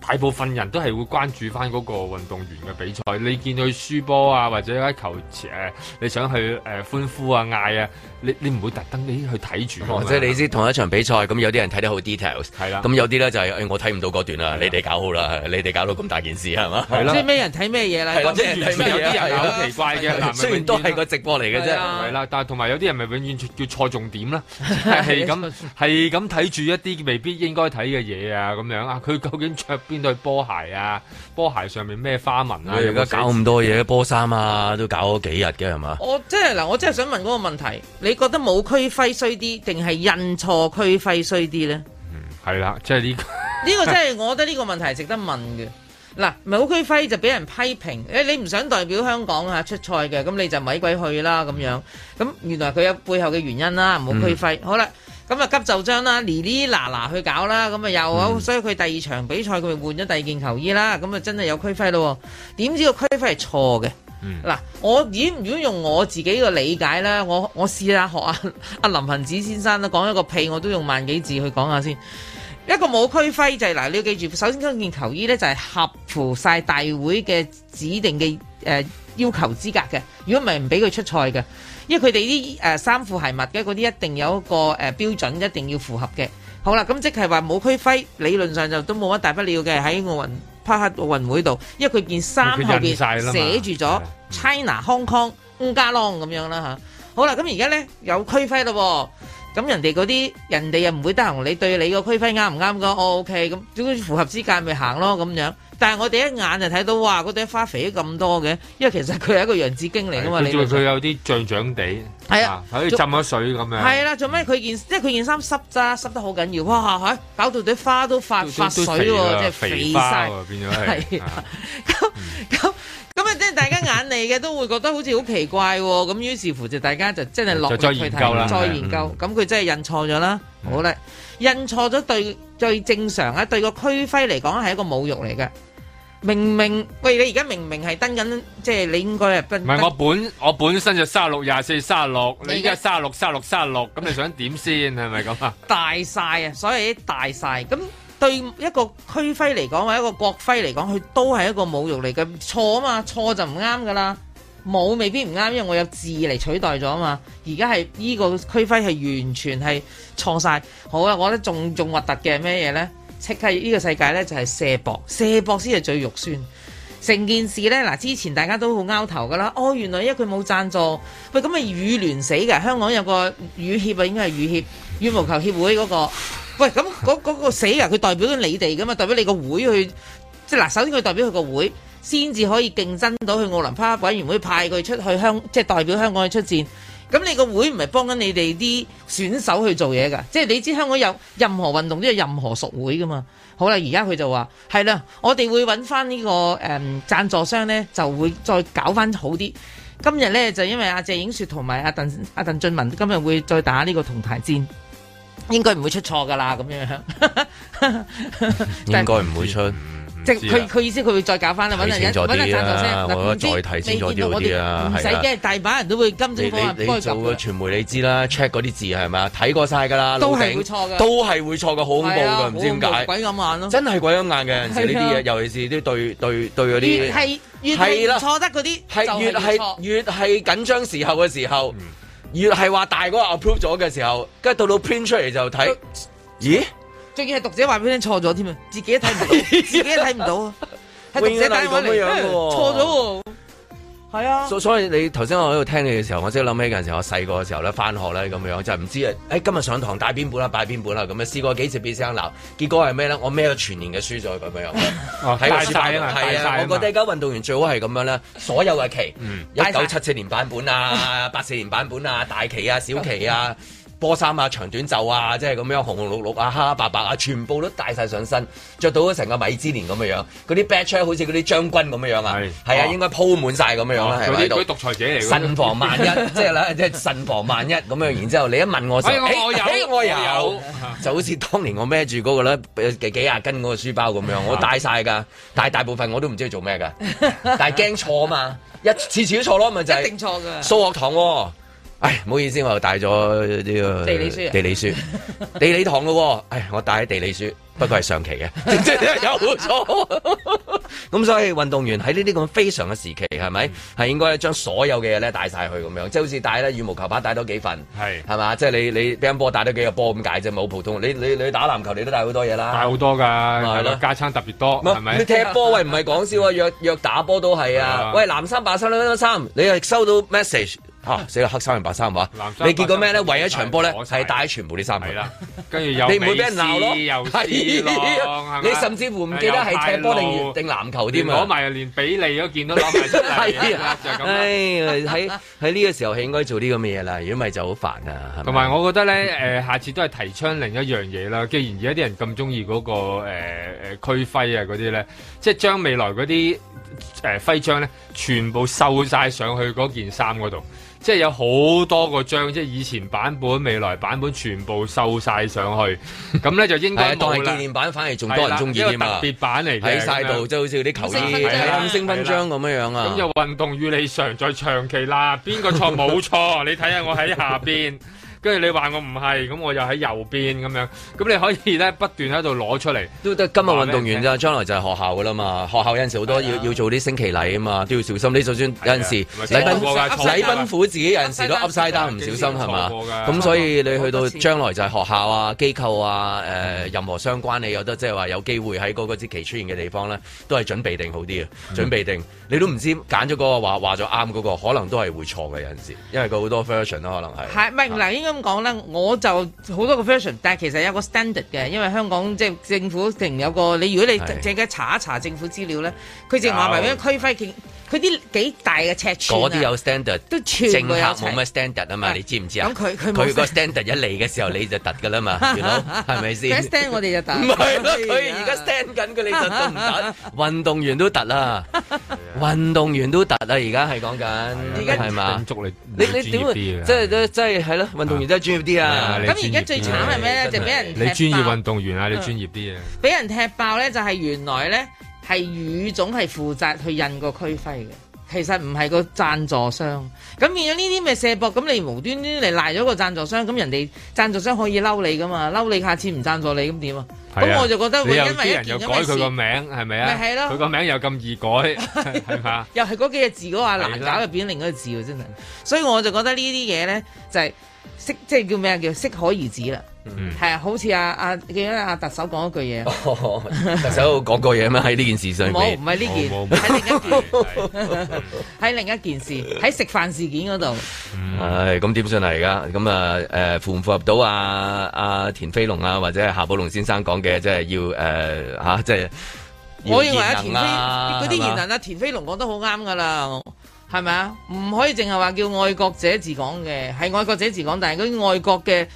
大部分人都係會關注翻嗰個運動員嘅比賽，你見佢輸波啊，或者一球、呃、你想去誒、呃、歡呼啊、嗌啊。你你唔會特登你去睇住、哦，即係你知同一場比賽咁有啲人睇得好 details，係啦。咁有啲咧就係、是哎、我睇唔到嗰段啦，你哋搞好啦，你哋搞到咁大件事係嘛？係啦。即係咩人睇咩嘢啦？有啲人好奇怪嘅，雖然都係個直播嚟嘅啫。係啦，但係同埋有啲人咪永遠叫錯重點啦，係咁係咁睇住一啲未必應該睇嘅嘢啊，咁樣啊，佢究竟着邊對波鞋啊？波鞋上面咩花紋啊？而家搞咁多嘢、啊，波衫啊都搞咗幾日嘅係嘛？我即係嗱，我真係想問嗰個問題。你覺得冇區徽衰啲，定係印錯區徽衰啲呢？嗯，係啦，即係呢個呢個真，真係我覺得呢個問題值得問嘅。嗱，冇區徽就俾人批評，誒、欸，你唔想代表香港、啊、出賽嘅，咁你就咪鬼去啦咁樣。咁原來佢有背後嘅原因啦，冇區徽、嗯。好啦，咁啊急就章啦，哩哩嗱嗱去搞啦，咁啊又好、嗯，所以佢第二場比賽佢咪換咗第二件球衣啦。咁啊真係有區徽咯，點知個區徽係錯嘅？嗱、嗯，我如果如果用我自己嘅理解咧，我我試，試學下學阿阿林恒子先生咧講一個屁，我都用萬幾字去講下先。一個冇區徽就係、是、嗱，你要記住，首先嗰件球衣咧就係合乎晒大會嘅指定嘅誒、呃、要求資格嘅。如果唔係唔俾佢出賽嘅，因為佢哋啲誒衫褲鞋襪嘅嗰啲一定有一個誒、呃、標準，一定要符合嘅。好啦，咁即係話冇區徽，理論上就都冇乜大不了嘅喺奧運。嗯在拍喺奧運會度，因為佢件衫後邊寫住咗 China Hong Kong h e n g a l o n g 咁樣啦，嚇好啦，咁而家咧有區徽啦喎。咁人哋嗰啲人哋又唔會得閒，你對你個區分啱唔啱噶？O K，咁總之符合資格咪行咯咁樣。但係我哋一眼就睇到哇，嗰朵花肥咗咁多嘅，因為其實佢係一個洋紫荊嚟噶嘛。你仲佢有啲漲漲地，係啊，好似浸咗水咁樣。係啦，做咩？佢件即係佢件衫濕咋，濕得好緊要。哇，嚇、哎、搞到朵花都發都都發水喎，即係肥曬，係啊，咁、嗯、咁。 咁啊，即係大家眼嚟嘅，都會覺得好似好奇怪喎。咁於是乎，就大家就真係落咗再研究啦。再研究，咁佢真係印錯咗啦。好咧，印錯咗對最正常啊，對個區徽嚟講係一個侮辱嚟嘅。明明喂，你而家明明係登緊，即係你應該係登。唔係我本我本身就卅六廿四卅六，你而家卅六卅六卅六，咁你想點先係咪咁啊？大晒啊，所以啲大晒咁。對一個區徽嚟講或者一個國徽嚟講，佢都係一個侮辱嚟嘅錯啊嘛，錯就唔啱噶啦，冇未必唔啱，因為我有字嚟取代咗啊嘛。而家係呢個區徽係完全係錯晒。好啊，我覺得仲仲核突嘅咩嘢呢？即係呢個世界呢，就係射波，射波先係最肉酸。成件事呢，嗱，之前大家都好拗頭噶啦。哦，原來因為佢冇贊助，喂咁啊羽聯死㗎？香港有個羽協啊，應該係羽協羽毛球協會嗰個。喂，咁嗰嗰個死人，佢代表咗你哋噶嘛？代表你個會去，即係嗱，首先佢代表佢個會，先至可以競爭到去奧林匹克委員會派佢出去香，即係代表香港去出戰。咁你個會唔係幫緊你哋啲選手去做嘢噶？即係你知香港有任何運動都有任何屬會噶嘛？好啦，而家佢就話係啦，我哋會揾翻呢個誒贊助商呢，就會再搞翻好啲。今日呢，就因為阿謝影雪同埋阿鄧阿鄧俊文今日會再打呢個同台戰。應該唔會出錯噶啦，咁樣 應該唔會出，嗯、即佢佢、啊、意思，佢會再搞翻啦。揾陣間，揾陣間我再睇清楚啲啊。使嘅、啊啊，大把人都會跟住你，你做傳媒，你知啦，check 嗰啲字係咪啊？睇、啊、過晒噶啦，都係會錯噶，都係會錯噶、啊啊，好恐怖噶，唔知點解。鬼咁眼咯，真係鬼咁眼嘅。有時呢啲嘢，尤其是啲對對對嗰啲，越係越、啊就是、越錯得嗰啲，越係越係緊張時候嘅時候。嗯越係話大哥 approve 咗嘅時候，跟住到到 print 出嚟就睇，他咦？最緊要係讀者話俾你聽錯咗添啊！自己都睇唔到， 自己都睇唔到，啊，係讀者睇到你錯咗。 係啊，所所以你頭先我喺度聽你嘅時候，我即係諗起嗰陣時，我細個嘅時候咧，返學咧咁樣，就唔知誒、欸，今日上堂帶邊本啊，帶邊本啊，咁、啊、樣試過幾次俾聲鬧，結果係咩咧？我孭咗全年嘅書在咁樣，帶 曬、哦、啊，係啊，我覺得而家運動員最好係咁樣啦。所有嘅旗，一九七四年版本啊，八四年版本啊， 大旗啊，小旗啊。波衫啊、長短袖啊，即係咁樣紅紅綠綠啊、黑黑白白啊，全部都戴晒上身，着到成個米芝蓮咁嘅樣，嗰啲 badge 好似嗰啲將軍咁嘅樣是是啊，係、哦、啊，應該鋪滿晒咁嘅樣啦，係、哦、咪？是是是獨裁者嚟，慎防萬一， 即係啦，即係慎防萬一咁樣。然之後你一問我、， 哎我哎，我有，我有，就好似當年我孭住嗰個咧幾廿斤嗰個書包咁樣， 我戴晒㗎，但大部分我都唔知佢做咩㗎， 但係驚錯嘛，一次次都錯咯，咪就係、是，一定錯㗎，數學堂喎、啊。唉，唔好意思，我又帶咗呢個地理書、地理，書 地理堂咯。唉，我帶喺地理書，不過係上期嘅，即 係 有錯有。咁 所以運動員喺呢啲咁非常嘅時期，係咪係應該將所有嘅嘢咧帶晒去咁樣？即係好似帶咧羽毛球拍，帶多幾份係，係嘛？即係你你乒乓波帶多幾個波咁解啫，冇、那個、普通。你你你打籃球，你都帶好多嘢啦，帶好多噶，係咯，加餐特別多，係咪？你踢波喂唔係講笑， 啊，約約打波都係啊。喂，南三爬山啦，三,三，你係收到 message？嚇、啊、死啦！黑衫人白衫話、啊，你見過咩咧？為咗場波咧，係帶起全部啲衫嚟。跟住 又你唔會俾人鬧咯，你甚至乎唔記得係踢波定定籃球添啊！攞埋連，連比利嗰件都見到，攬埋住。係咁、啊。唉、就係啊，喺喺呢個時候係應該做啲咁嘅嘢啦，如果唔係就好煩啊。同埋我覺得咧，誒、呃、下次都係提倡另一樣嘢啦。既然而家啲人咁中意嗰個誒誒、呃、區徽啊嗰啲咧，即係將未來嗰啲。誒、呃、徽章咧，全部收晒上去嗰件衫嗰度，即係有好多個章，即係以前版本、未來版本全部收晒上去，咁 咧就應該當係紀念版，反而仲多人中意嘛，特別版嚟嘅，喺晒度，即係好似嗰啲球衣升分章咁樣樣啊。咁、嗯、就運動與你常在長期啦，邊個錯冇錯？錯 你睇下我喺下邊。 跟住你話我唔係，咁我又喺右邊咁樣，咁你可以咧不斷喺度攞出嚟。都得，今日運動員咋，將來就係學校㗎喇嘛。學校有陣時好多要、啊、要做啲升旗禮啊嘛，都要小心。你就算有陣時禮賓禮賓府自己有陣時都噏曬單唔小心係嘛？咁、嗯、所以你去到將來就係學校啊、機構啊、誒、呃、任何相關，你有得即係話有機會喺嗰個時期出現嘅地方咧，都係準備定好啲嘅。準備定、嗯、你都唔知揀咗嗰個話話咗啱嗰個，可能都係會錯嘅有陣時，因為佢好多 version 咯，可能係。唔香港咧，我就好多個 version，但係其實有個 standard 嘅，因為香港即係政府定有個，你，如果你即家查一查政府資料咧，佢就話埋嗰區徽。 佢啲幾大嘅尺寸、啊，嗰啲有 standard 都全嘅。政客冇乜 standard 啊嘛，你知唔知啊？咁佢佢個 standard 一嚟嘅時候，你就突噶啦嘛，元佬係咪先？stand 我哋就突。唔係佢而家 stand 緊，佢你就都唔運運動員都突啦、 就是就是，運動員都突啦，而家係講緊，係嘛？捉你？你你點會？即係都即係係咯，運動員都專業啲啊。咁而家最慘係咩咧？就俾人踢爆。你專業運動員啊，你專業啲啊。俾人踢爆咧，就係原來咧。係語種係負責去印個區徽嘅，其實唔係個贊助商。咁變咗呢啲咩卸膊，咁你無端端嚟，賴咗個贊助商，咁人哋贊助商可以嬲你噶嘛？嬲你下次唔贊助你咁點啊？咁我就覺得會因為一件事，你又改佢個名係咪啊？咪係咯，佢個名又咁易改，係 嘛？ 又係嗰幾個字嗰，話難搞，又變另一個字，那個、字真係。所以我就覺得這些東西呢啲嘢咧，就係、是、適，即係叫咩叫適可而止啦。係、嗯、啊，好似阿阿記得阿特首講一句嘢？特首講、哦、過嘢咩？喺 呢件事上冇，唔係呢件，喺、哦、另一件，喺 另一件事，喺食飯事件嗰度。係咁點算啊？而家咁啊？誒、呃，符唔符合到啊？阿、啊、田飛龍啊，或者係夏寶龍先生講嘅？即係要誒吓、呃啊，即係、啊、我認為阿田飛嗰啲言論啊，啊，田飛龍講得好啱噶啦，係咪啊？唔可以淨係話叫愛國者治港嘅，係愛國者治港，但係嗰啲愛國嘅。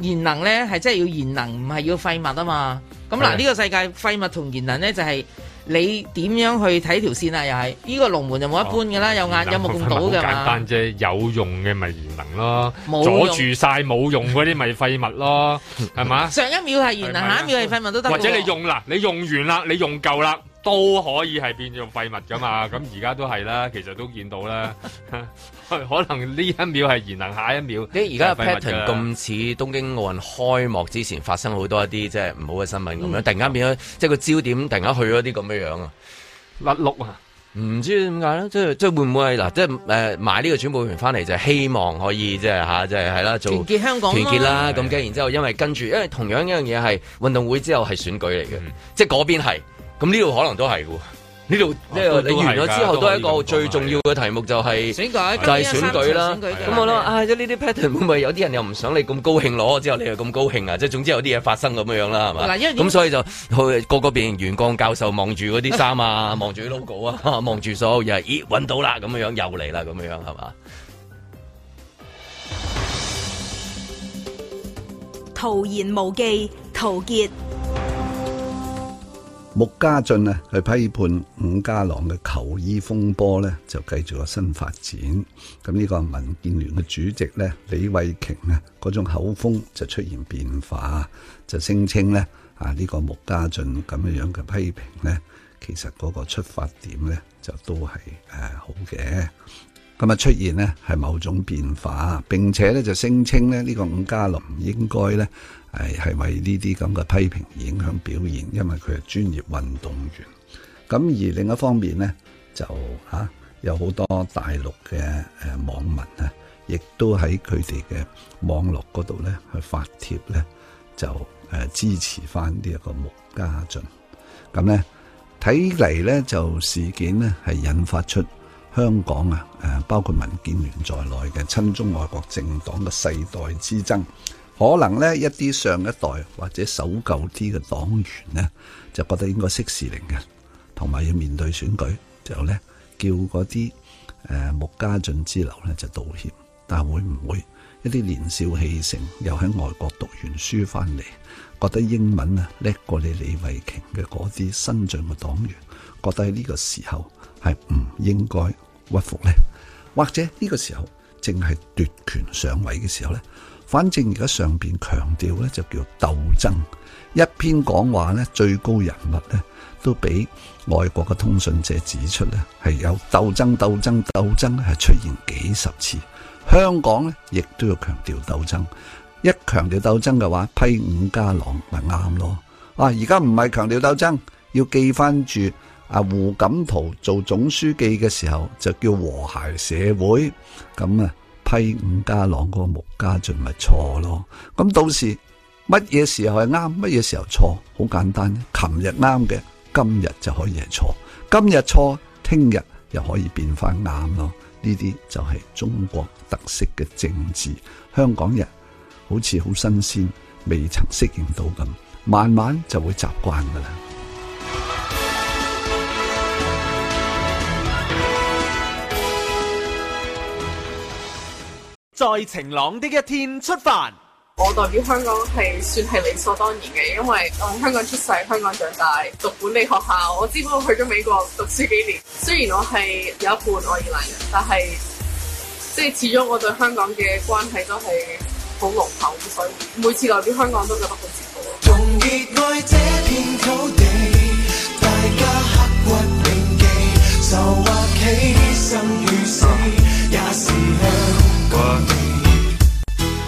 賢能咧係真係要賢能，唔係要廢物啊嘛！咁嗱、呢、這個世界廢物同賢能咧就係、是、你點樣去睇條線啊？又係呢、這個龍門就冇一般噶啦，有眼有目共睹噶嘛！簡單啫，有用嘅咪賢能咯，阻住晒冇用嗰啲咪廢物咯，係 嘛？上一秒係賢能，下一秒係廢物都得。或者你用啦，你用完啦，你用夠啦。都可以係變做廢物噶嘛，咁而家都係啦，其實都見到啦，可能呢一秒係延能，下一秒你而家 pattern 咁似東京奧運開幕之前發生好多一啲即係唔好嘅新聞咁樣，嗯，突然間變咗，嗯，即係個焦點突然間去咗啲咁嘅樣啊，甩碌、嗯、啊，唔知點解啦，即係即係會唔會係嗱，即係誒買呢個轉播權翻嚟就係希望可以即係吓，即係係啦，團，就是、結香港，團結啦，咁然之後，後因為跟住，因為同樣一樣嘢係運動會之後係選舉嚟嘅，嗯，即係嗰邊係。咁呢度可能都係嘅，呢度呢度你完咗之後都係一個最重要嘅題目，就係選舉就係選舉啦。咁我諗，哎，咁呢啲 pattern 會唔會有啲人又唔想你咁高興攞，之後你又咁高興啊！即係總之有啲嘢發生咁樣樣啦，係嘛。因為。咁所以就去個個變成玄光教授，望住嗰啲衫啊，望住啲 logo 啊，望住所有嘢，咦，搵到啦咁樣樣，又嚟啦咁樣樣，係嘛？徒言無忌，陶傑。穆家俊啊，去批判伍家朗嘅球衣風波咧，就繼續有新發展。咁、這、呢個民建聯嘅主席咧，李慧瓊啊，嗰種口風就出現變化，就聲稱咧啊呢個穆家俊咁樣樣嘅批評咧，其實嗰個出發點咧就都係誒好嘅。咁啊出現呢係某種變化，並且咧就聲稱咧呢個伍家朗應該咧。係係為呢啲咁嘅批評影響表現，因為佢係專業運動員。咁而另一方面咧，就吓、啊、有好多大陸嘅誒網民啊，亦都喺佢哋嘅網絡嗰度咧去發帖咧，就誒、啊、支持翻呢一個穆家俊。咁咧睇嚟咧，就事件咧係引發出香港啊誒，包括民建聯在內嘅親中外國政黨嘅世代之爭。可能呢，一啲上一代或者守舊啲嘅黨員呢，就覺得應該適時靈嘅，同埋要面對選舉，就呢叫嗰啲誒穆家駿之流呢，就道歉。但會唔會一啲年少氣盛，又喺外國讀完書翻嚟，覺得英文啊叻過你李慧瓊嘅嗰啲新進嘅黨員，覺得喺呢個時候係唔應該屈服呢？或者呢個時候正係奪權上位嘅時候呢。反正而家上邊強調咧就叫鬥爭，一篇講話咧最高人物咧都俾外國嘅通訊者指出咧係有鬥爭鬥爭鬥爭係出現幾十次，香港咧亦都要強調鬥爭。一強調鬥爭嘅話批五加郎咪啱咯。啊，而家唔係強調鬥爭，要記翻住啊胡錦濤做總書記嘅時候就叫和諧社會咁啊。批伍家朗個穆家俊咪錯咯，咁到時乜嘢時候係啱，乜嘢時候錯，好簡單。琴日啱嘅，今日就可以係錯，今日錯，聽日又可以變翻啱咯。呢啲就係中國特色嘅政治，香港人好似好新鮮，未曾適應到咁，慢慢就會習慣噶啦。在晴朗的一天出發，我代表香港係算係理所當然嘅，因為我香港出世，香港長大，讀管理學校。我只不過去咗美國讀書幾年，雖然我係有一半愛爾蘭人，但係即係始終我對香港嘅關係都係好濃厚，所以每次代表香港都覺得好自豪。同熱愛這片土地，大家刻骨銘記，愁或喜，生與死也是香。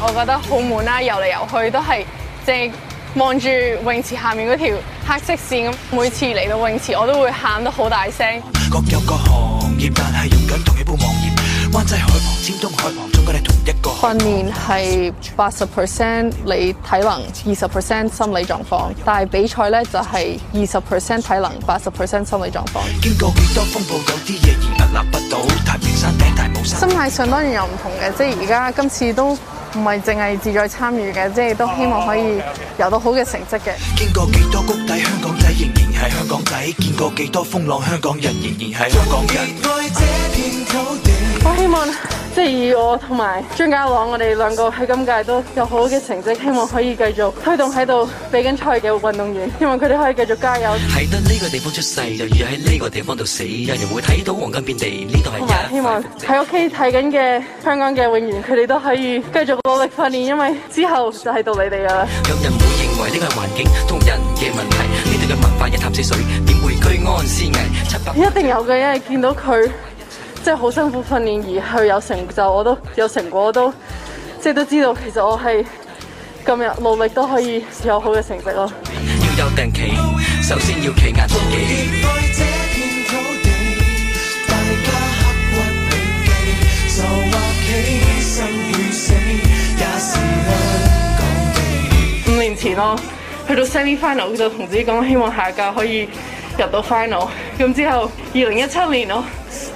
我覺得好悶啦、啊，遊嚟遊去都係淨係望住泳池下面嗰條黑色綫咁。每次嚟到泳池，我都會喊得好大聲。各有各行業，但係用緊同一部網頁。灣仔海旁、尖東海旁，終歸你同一個。訓練係八十 percent 你體能，二十 percent 心理狀況。但係比賽咧就係二十 percent 體能，八十 percent 心理狀況。經過幾多風暴些事，有啲嘢仍屹立不倒。太平山頂。心態上當然有唔同嘅，即係而家今次都唔係淨係志在參與嘅，即係都希望可以游到好嘅成績嘅。經過幾多谷底，香港仔仍然係香港仔；見過幾多風浪，香港人仍然係香港人。啊、我希望。即係以我同埋張家朗，我哋兩個喺今屆都有好好嘅成績，希望可以繼續推動喺度比緊賽嘅運動員，希望佢哋可以繼續加油。喺呢個地方出世，就要喺呢個地方度死，有人，人會睇到黃金遍地，呢度係一。唔希望喺屋企睇緊嘅香港嘅運動員，佢哋都可以繼續努力訓練，因為之後就喺度你哋噶啦。有人會認為呢個係環境同人嘅問題，你哋嘅文化一潭死水，點會居安思危。一定有嘅，因為見到佢。即係好辛苦訓練而去有成就，我都有成果我都，都即係都知道，其實我係今日努力都可以有好嘅成績咯。五年前咯，去到 semi final 就同自己講，希望下屆可以。入到 final，咁之後，二零一七年咯，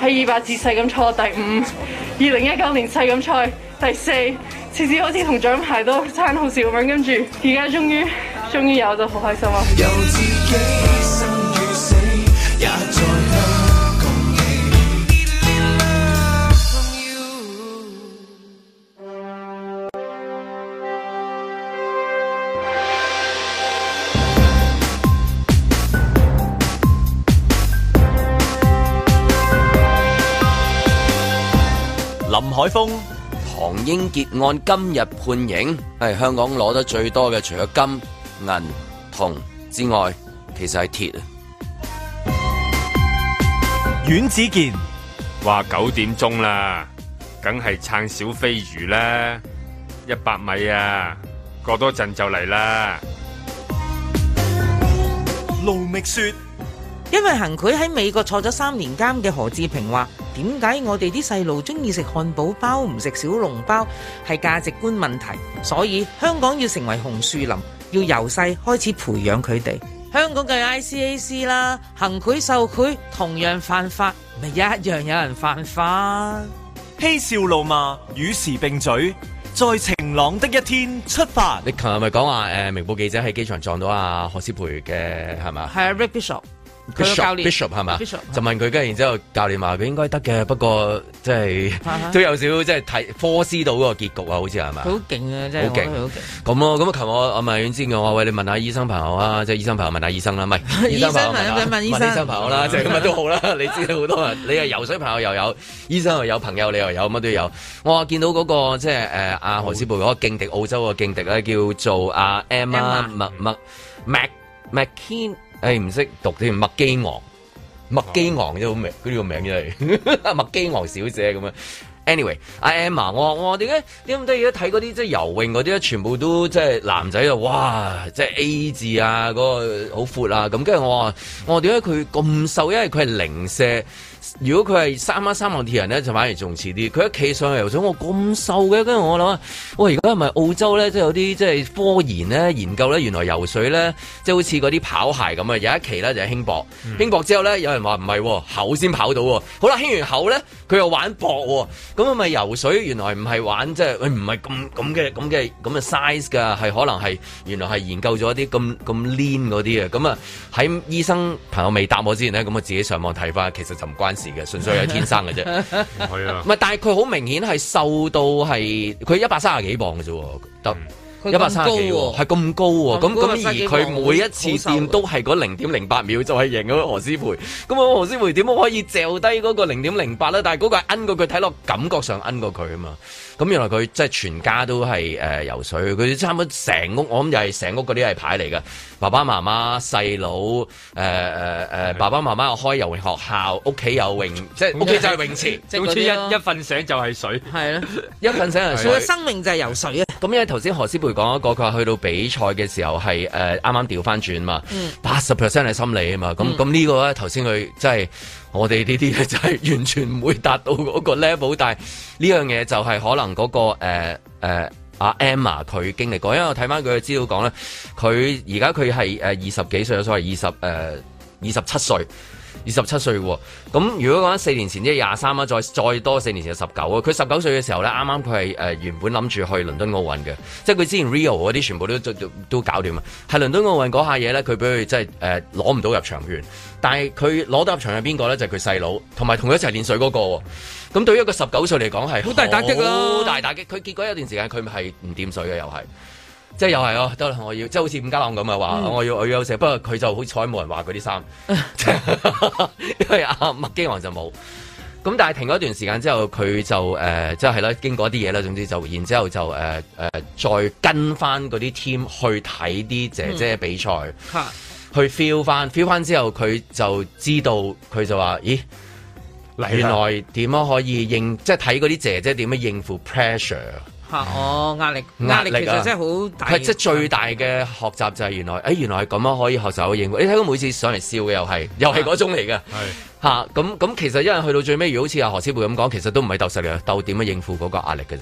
喺二百字世錦賽第五；二零一九年世錦賽第四，次次好似同獎牌都差好少咁，跟住而家終於，終於有就好開心啊！海峰、唐英傑案今日判刑，係香港攞得最多嘅，除咗金、銀、銅之外，其實係鐵啊。阮子健話九點鐘啦，梗係撐小飛魚啦，一百米啊，過多陣就嚟啦。盧覓雪，因為行賄喺美國坐咗三年監嘅何志平話。點解我哋啲細路中意食漢堡包唔食小籠包，係價值觀問題，所以香港要成為紅樹林，要由細開始培養佢哋。香港嘅 ICAC 啦，行賄受賄同樣犯法，咪一樣有人犯法。嬉笑怒罵與時並嘴，在晴朗的一天出發。你琴日咪講話誒，明報記者喺機場撞到阿何詩蓓嘅係嘛？係啊，Ricky 叔。 佢個教練，Bishop 係嘛？就問佢，跟住然之後，教練話佢應該得嘅，不過即係 都有少即係睇科思到嗰個結局啊，好似係嘛？好勁啊，真係好勁好勁。咁咯，咁啊，琴日我阿麥遠知我話喂你問下醫生朋友啊，即 係醫生朋友問下 醫生啦，唔係醫生朋友問問醫生朋友啦，即係日都好啦。你知道好多人， 你又游水朋友又有，醫生又有朋友你又有乜都有。我見到嗰、嗰個即係誒阿何師傅嗰、嗰個勁敵澳洲嘅勁敵咧，叫做阿、啊、Emma 麥麥 Mac McKeon 誒、哎，唔識讀添麥基昂，麥基昂嘅好名，佢呢個名真係麥基昂小姐咁樣。Anyway，Emma 啊，我我點解點解而家睇嗰啲即係游泳嗰啲咧，全部都即係、就是、男仔啊，哇！即、就、係、是、A 字啊，嗰、那個好闊啊，咁跟住我話我點解佢咁瘦，因為佢係零舍。如果佢係三米三項鐵人咧，就反而仲遲啲。佢一企上去，游水，我咁瘦嘅，跟住我諗啊，喂，而家係咪澳洲咧，即係有啲即係科研咧、研究咧，原來游水咧，即係好似嗰啲跑鞋咁啊。有一期咧就係、是、輕薄、嗯，輕薄之後咧，有人話唔係，厚先跑到、哦。好啦，輕完厚咧，佢又玩薄喎、哦。咁啊，係咪游水原來唔係玩，即係唔係咁咁嘅咁嘅咁嘅 size 㗎，係可能係原來係研究咗啲咁咁粘嗰啲嘅。咁啊，喺醫生朋友未答我之前呢，咁我自己上網睇翻，其實就唔關事。純粹係天生嘅啫，唔係，但係佢好明顯係瘦到係，佢一百三十幾磅嘅啫，我覺得。嗯一百三十幾喎，係咁高喎、啊，咁咁、啊、而佢每一次掂都係嗰零點零八秒就係贏咗何詩蓓，咁何詩蓓點可以掉低嗰個零點零八咧？但係嗰個係奀過佢睇落感覺上奀過佢啊嘛，咁原來佢即係全家都係誒、呃、游水，佢差唔多成屋，我諗又係成屋嗰啲係牌嚟嘅，爸爸媽媽細佬誒爸爸媽媽開游泳學校，屋企有泳，即係屋企就係、是、泳池，好 似、啊、一一瞓醒就係水，係咯， 一瞓醒係水， 生命就係游水啊！咁因為頭先何詩佢講一個佢話去到比賽嘅時候係誒啱啱調翻轉嘛，八十 percent 係心理啊嘛，咁咁、嗯、呢個咧頭先佢即係我哋呢啲咧就係完全唔會達到嗰個 level，但係呢樣嘢就係可能嗰、嗰個誒阿、呃呃啊、Emma 佢經歷過，因為我睇翻佢嘅資料講咧，佢而家佢係誒二十幾歲，所謂二十誒二十七歲。二十七歲喎，咁如果講四年前即係廿三啦，再再多四年前就十九啊。佢十九歲嘅時候咧，啱啱佢係誒原本諗住去倫敦奧運嘅，即係佢之前 Rio 嗰啲全部都都都搞掂啊。喺倫敦奧運嗰下嘢咧，佢俾佢即係誒攞唔到入場券，但係佢攞到入場係邊個咧？就係佢細佬，同埋同佢一齊練水嗰個。咁對於一個十九歲嚟講係好大打擊啦，好大打擊。佢結果有段時間佢係唔掂水嘅，又係。即係又係哦，得啦！我要即係好似伍家朗咁啊，話我要我要休息。不過佢就好彩冇人話嗰啲衫， 因為阿麥基王就冇。咁但係停咗一段時間之後，佢就誒，即係啦，經過一啲嘢啦，總之就然之後就誒誒、呃呃，再跟翻嗰啲 team 去睇啲姐姐比賽、嗯，去 feel 翻，feel 翻之後佢就知道，佢就話咦，原來點樣可以應，即係睇嗰啲姐姐點樣應付 pressure。哦，壓力，壓力其實真係好大的。即係、啊、最大嘅學習就係原來，哎、欸，原來係咁啊，可以學習好應付。你睇到每次上嚟笑嘅又係，又係嗰種嚟嘅。係，嚇， 咁咁、啊、其實因為去到最尾，如果好似阿何詩蓓咁講，其實都唔係鬥實力，鬥點樣應付嗰個壓力嘅啫。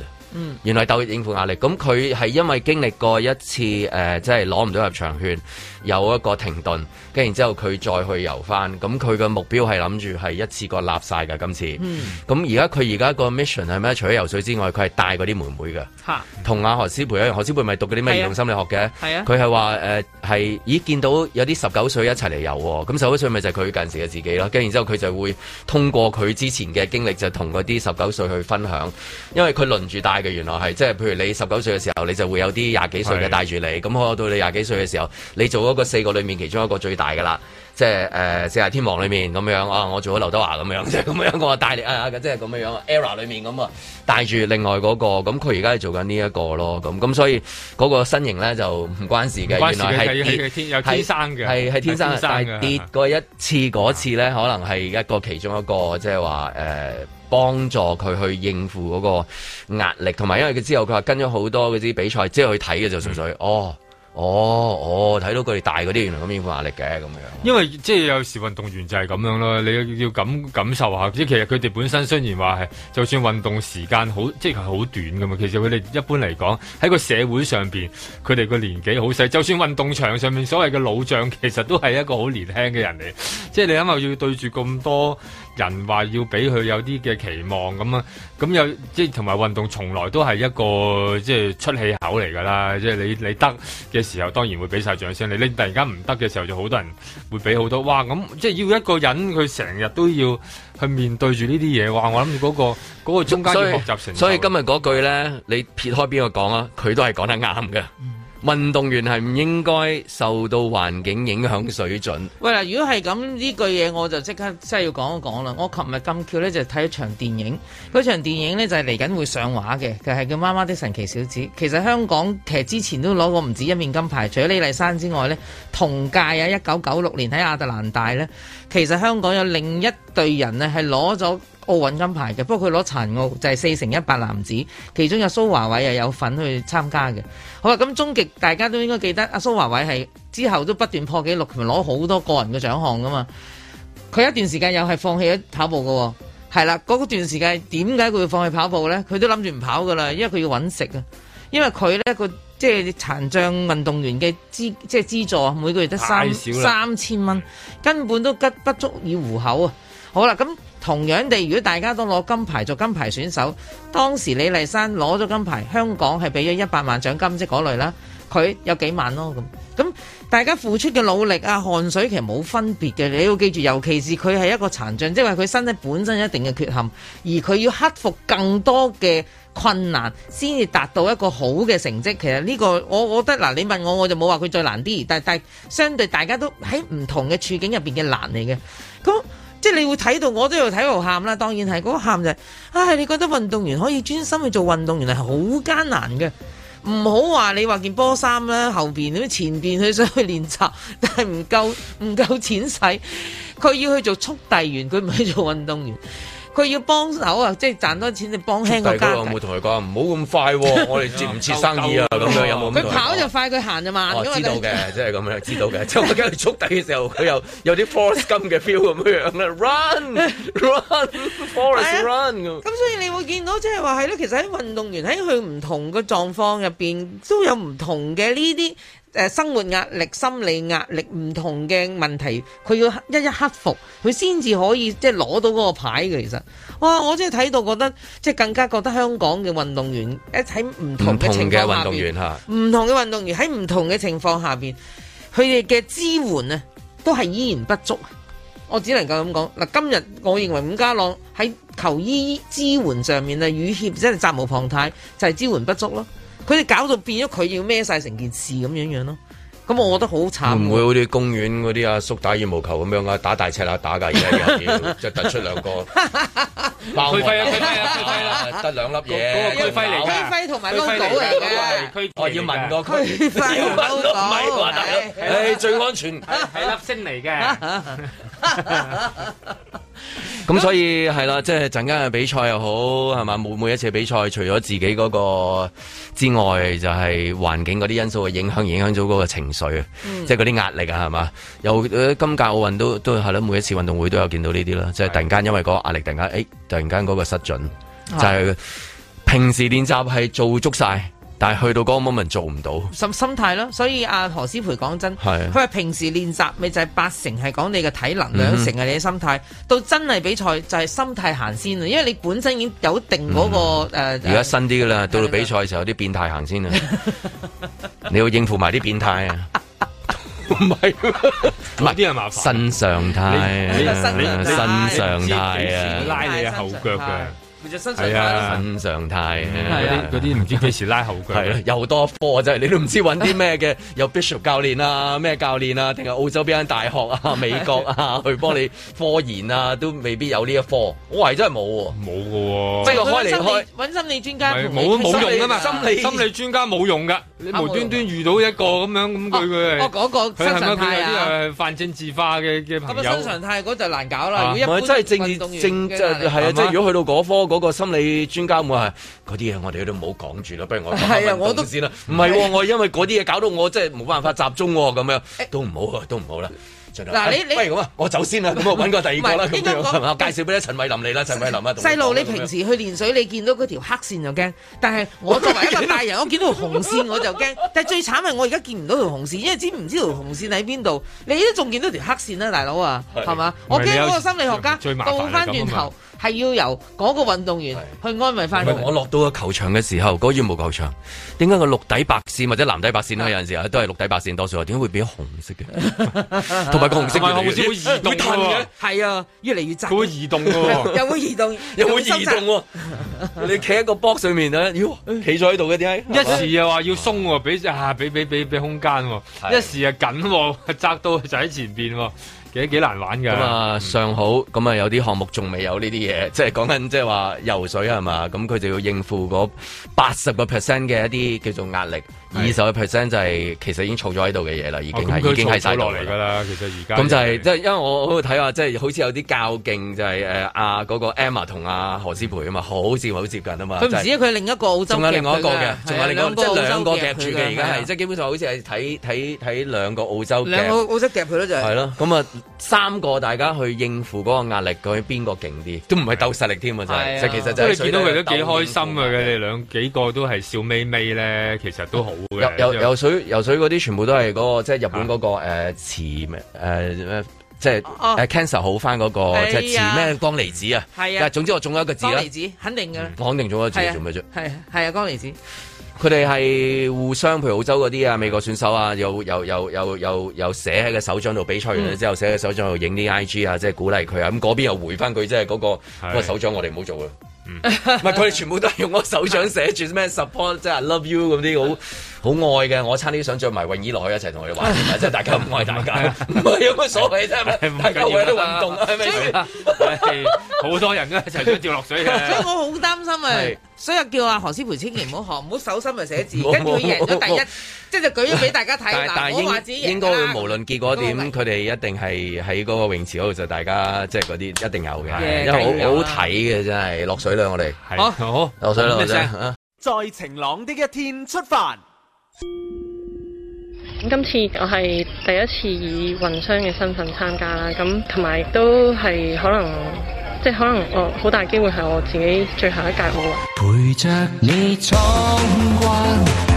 原來鬥應付壓力，咁佢係因為經歷過一次誒，即係攞唔到入場券，有一個停頓，跟然之後佢再去遊翻，咁佢嘅目標係諗住係一次過立晒嘅今次。嗯，咁而家佢而家個 mission 係咩？除咗游水之外，佢係帶嗰啲妹妹。同阿何詩培一樣，何詩培咪讀嗰啲咩兒童心理學嘅，佢係話誒係，咦見到有啲十九歲一齊嚟遊，咁十九歲咪就係佢近時嘅自己咯，跟住然之後佢就會通過佢之前嘅經歷，就同嗰啲十九歲去分享，因為佢輪住帶嘅，原來係即係，譬如你十九歲嘅時候，你就會有啲廿幾歲嘅帶住你，咁去到你廿幾歲嘅時候，你做嗰個四個裏面其中一個最大噶啦。即係誒《四大天王》裏面咁樣啊，我做咗劉德華咁樣，即係咁樣，我帶你啊，即係咁樣。era 裏面咁啊，帶住另外嗰、那個，咁佢而家係做緊呢一個咯，咁咁所以嗰個身形咧就唔關事嘅，原來係係係天生嘅，係係天生，天生但跌過一次嗰次咧，可能係一個其中一個，即係話誒幫助佢去應付嗰個壓力，同埋因為佢之後佢話跟咗好多嗰啲比賽，即係去睇嘅就純粹、嗯、哦。哦，哦，睇到佢哋大嗰啲，原來咁有壓力嘅咁樣。因為即係有時運動員就係咁樣咯，你要感感受下。即係其實佢哋本身雖然話係，就算運動時間好，即係好短㗎嘛。其實佢哋一般嚟講，喺個社會上面，佢哋個年紀好細。就算運動場上面所謂嘅老將，其實都係一個好年輕嘅人嚟。即係你諗下，要對住咁多。人話要俾佢有啲嘅期望咁啊，咁有即係同埋運動從來都係一個即係出氣口嚟噶啦，即係你你得嘅時候當然會俾晒掌聲你，你突然間唔得嘅時候就好多人會俾好多，哇！咁即係要一個人佢成日都要去面對住呢啲嘢，哇！我諗嗰個嗰個中間要學習成功所，所以今日嗰句咧，你撇開邊個講啊，佢都係講得啱嘅。運動員係唔應該受到環境影響水準。喂，如果係咁呢句嘢，我就即刻真係要講一講啦。我琴日咁巧呢，就睇一場電影，嗰場電影呢，就係嚟緊會上畫嘅，就係叫《媽媽的神奇小子》。其實香港其實之前都攞過唔止一面金牌，除咗李麗珊之外呢，同屆啊一九九六年喺亞特蘭大呢。其實香港有另一隊人呢，係攞咗奧運金牌嘅，不過佢攞殘奧就係四乘一百男子，其中有蘇華偉又有份去參加嘅。好啦，咁終極大家都應該記得阿蘇華偉係之後都不斷破紀錄，同攞好多個人嘅獎項噶嘛。佢一段時間又係放棄咗跑步噶。哦，係啦。嗰段時間點解佢會放棄跑步呢？佢都諗住唔跑噶啦，因為佢要揾食啊。因為佢呢個即係殘障運動員嘅資即係資助，每個月得三三千蚊，根本都不足以糊口啊。好啦，咁。同樣地，如果大家都攞金牌做金牌選手，當時李麗珊攞咗金牌，香港係俾咗一百萬獎金即嗰類啦，佢有幾萬咯咁。咁大家付出嘅努力啊、汗水，其實冇分別嘅。你要記住，尤其是佢係一個殘障，即係話佢身體本身一定嘅缺陷，而佢要克服更多嘅困難先至達到一個好嘅成績。其實呢個我覺得嗱，你問我，我就冇話佢再難啲，但但相對大家都喺唔同嘅處境入面嘅難嚟嘅。咁即係你會睇到，到我都要睇到喊啦，當然係嗰、嗰個喊就係，唉，你覺得運動員可以專心去做運動員係好艱難嘅，唔好話你話件波衫啦，後邊前邊佢想去練習，但係唔夠唔夠錢使，佢要去做速遞員，佢唔去做運動員。佢要幫手啊！即係賺多錢，你幫輕佢大哥，有有啊、 我冇同佢講，唔好咁快喎！我哋接唔切生意啊？咁 樣有冇佢 跑就快嘛，佢行就慢。我知道嘅，即係咁樣，知道嘅。就我跟佢速底嘅時候，佢又有啲 force 金嘅 feel 咁樣啦，run run f o r e s t run。咁、啊、所以你會見到，即係話係咯，其實喺運動員喺佢唔同嘅狀況入面，都有唔同嘅呢啲。誒生活壓力、心理壓力唔同嘅問題，佢要一一克服，佢先至可以即係攞到嗰個牌嘅。其實，哇、哦！我真係睇到覺得，即係更加覺得香港嘅運動員喺唔同嘅情況下邊，唔同嘅運動員嚇，唔同嘅運動員喺唔同嘅情況下邊，佢哋嘅支援咧都係依然不足。我只能夠咁講嗱，今日我認為伍家朗喺求醫支援上面咧，羽協真係責無旁貸，就係、是、支援不足咯。佢哋搞到變咗，佢要孭晒成件事咁樣樣咯。咁我覺得好慘。唔會好似公園嗰啲阿叔打羽毛球咁樣啊，打大尺啊打㗎，而家嘢即突出兩個包包 區塊 啊， yeah, 區塊啦，得兩粒嘢。嗰個嚟嘅區同埋公道嚟嘅。我要問過佢： 要問個「唔係啩？大、 哎哎、最安全係粒 是 星嚟嘅。啊 咁 所以係啦，即係陣間嘅比賽又好，係嘛，每每一次嘅比賽，除咗自己嗰個之外，就係、是、環境嗰啲因素嘅影響，影響咗嗰個情緒，即係嗰啲壓力啊，係嘛。又今屆奧運都都係啦，每一次運動會都有見到呢啲啦，即、就、係、是、突然間因為嗰個壓力，突然間誒、欸，突然間嗰個失準，就係、是、平時練習係做足晒。但係去到嗰個 moment 做唔到心心態咯，所以阿、啊、何詩蓓講真，佢話、啊、平時練習咪就係八成係講你嘅體能，兩、嗯、成係你嘅心態。到真係比賽就係心態行先啊，因為你本身已經有定嗰、那個誒。而、嗯、家、呃、新啲噶啦，到到比賽嘅時候有啲變態行先啊，你要應付埋啲變態啊？唔係，唔係啲人麻煩新常態，新常態啊，拉、啊、你嘅後腳嘅。係啊，新常態啊，嗰啲嗰啲唔知幾、啊、時拉後腳、啊，係啦，又多科啫，你都唔知揾啲咩嘅， 有 Bishop 教練啊，咩教練啊，定係澳洲邊間大學啊、美國啊，啊，去幫你科研啊， 都未必有呢一科，我係真係冇喎，冇嘅喎，即係開嚟開心理，心理專家，冇冇用啊嘛，心理心理專家冇用嘅，你無端端、啊、遇到一個咁樣咁佢佢係，哦嗰個，哦嗰常態有啲係泛政治化嘅嘅朋友？新常態嗰就難搞啦，唔係真係政治政就係啊，即係如果去到嗰科。啊嗰、那個心理專家會話：嗰啲嘢我哋都唔好講住啦，不如我係啊，我都啦。唔係喎，我因為嗰啲嘢搞到我真係冇辦法集中喎、啊，咁樣、欸、都唔好啊，都唔好、啊、啦。嗱，你、哎、你不如咁啊，我先走先啦，咁我揾個第二、那個啦，咁、那個、介紹俾阿陳偉林你啦、哎，陳偉林啊。細路，你平時去練水，你見到嗰條黑線就驚，但係我作為一個大人， 我見到條紅線我就驚。但係最慘係我而家見唔到條紅線，因為知唔知，不知道條紅線喺邊度。你都仲見到條黑線啦、啊，大佬啊，係嘛？我驚嗰個心理學家倒翻轉頭。係要由嗰個運動員去安慰翻佢。我落到個球場嘅時候，嗰羽毛球場，點解個綠底白線或者藍底白線咧？有陣時都係綠底白線多數，點解會變咗紅色嘅？同 埋個紅色好似 會，會移嘅、啊，係啊，啊，越嚟越窄。佢會移動嘅、啊，有、啊會，啊、 會移動，又會移動、啊。移動啊啊、 你企喺個 box 上面咧，企咗喺度嘅點解？一時又話要鬆，俾俾俾俾俾空間，一時又緊、 啊，窄到就喺前邊。幾幾難玩㗎咁啊，尚好咁啊，有啲項目仲未有呢啲嘢，即係講緊即係話游水係嘛，咁佢就要應付嗰八十個 percent 嘅一啲叫做壓力。二十個 percent 就係其實已經儲咗喺度嘅嘢啦，已經係已經係晒落嚟㗎啦，其實而家咁就係即係因為我睇下，即、就、係、是、好似有啲較勁就係誒阿嗰個 Emma 同阿何詩蓓啊嘛，好似好接近啊嘛。佢唔、就是、止啊，佢、就是、另一個澳洲仲有另外一個嘅，仲有另外即兩,兩個夾住嘅而家係即係基本上好似係睇睇睇兩個澳洲兩個澳洲夾佢咯，就係、是。咁啊三個大家去應付嗰個壓力，佢邊個勁啲？都唔係鬥實力添啊！就係、是就是，其實就係、是。咁你見到佢都幾開心啊！佢哋兩幾個都係笑眯眯咧，其實都好。游游，游水游水嗰啲全部都係嗰、嗰個即係日本嗰、嗰個誒，池誒咩即係 cancer 好翻、嗰、嗰個即係池咩？光離子啊，係啊。總之我中咗一個字啦。光離子肯定嘅，我、嗯、肯定中咗字、啊、做咩啫？係係啊，啊，光離子。佢哋係互相譬如澳洲嗰啲啊，美國選手啊，又又又又又又寫喺個手掌度比賽完之後，寫喺手掌度影啲 IG 啊，即係鼓勵佢啊。咁嗰邊又回翻佢即係嗰個嗰個手掌，我哋唔好做啊。唔係佢哋全部都係用我手掌寫住咩 support 即 係 love you 咁啲好好愛嘅，我差啲想着埋泳衣落去一齊同佢哋玩，即 係大家唔愛大家，唔 係 有乜所謂啫， 大家為咗運動啊，係 咪對吧？好 對吧 多人都一齊想掉落水嘅 所以我好擔心啊， 所以我叫阿何詩蓓千祈唔好學，唔好手心嚟，寫字，跟住贏咗第一。 即係舉咗俾大家睇，但我話指應該無論結果點，佢哋一定係喺嗰個泳池嗰度就大家即係嗰啲一定有嘅、yeah,，因為好、啊、好睇嘅真係落水啦我哋。啊好，落、哦、水啦、嗯、真。在晴朗的一天出發。咁今次我係第一次以運商嘅身份參加啦，咁同埋都係可能，即係可能我好大機會係我自己最後一屆奧運。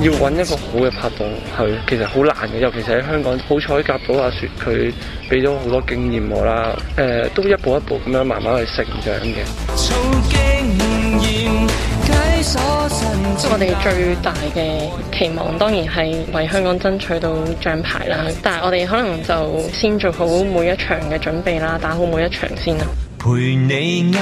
要揾一個好嘅拍檔，係其實好難嘅，尤其是喺香港。好彩夾到阿雪，佢俾咗好多經驗我啦。誒、呃，都一步一步咁樣慢慢去成長嘅。我哋最大嘅期望當然係為香港爭取到獎牌啦，但係我哋可能就先做好每一場嘅準備啦，打好每一場先啦。陪你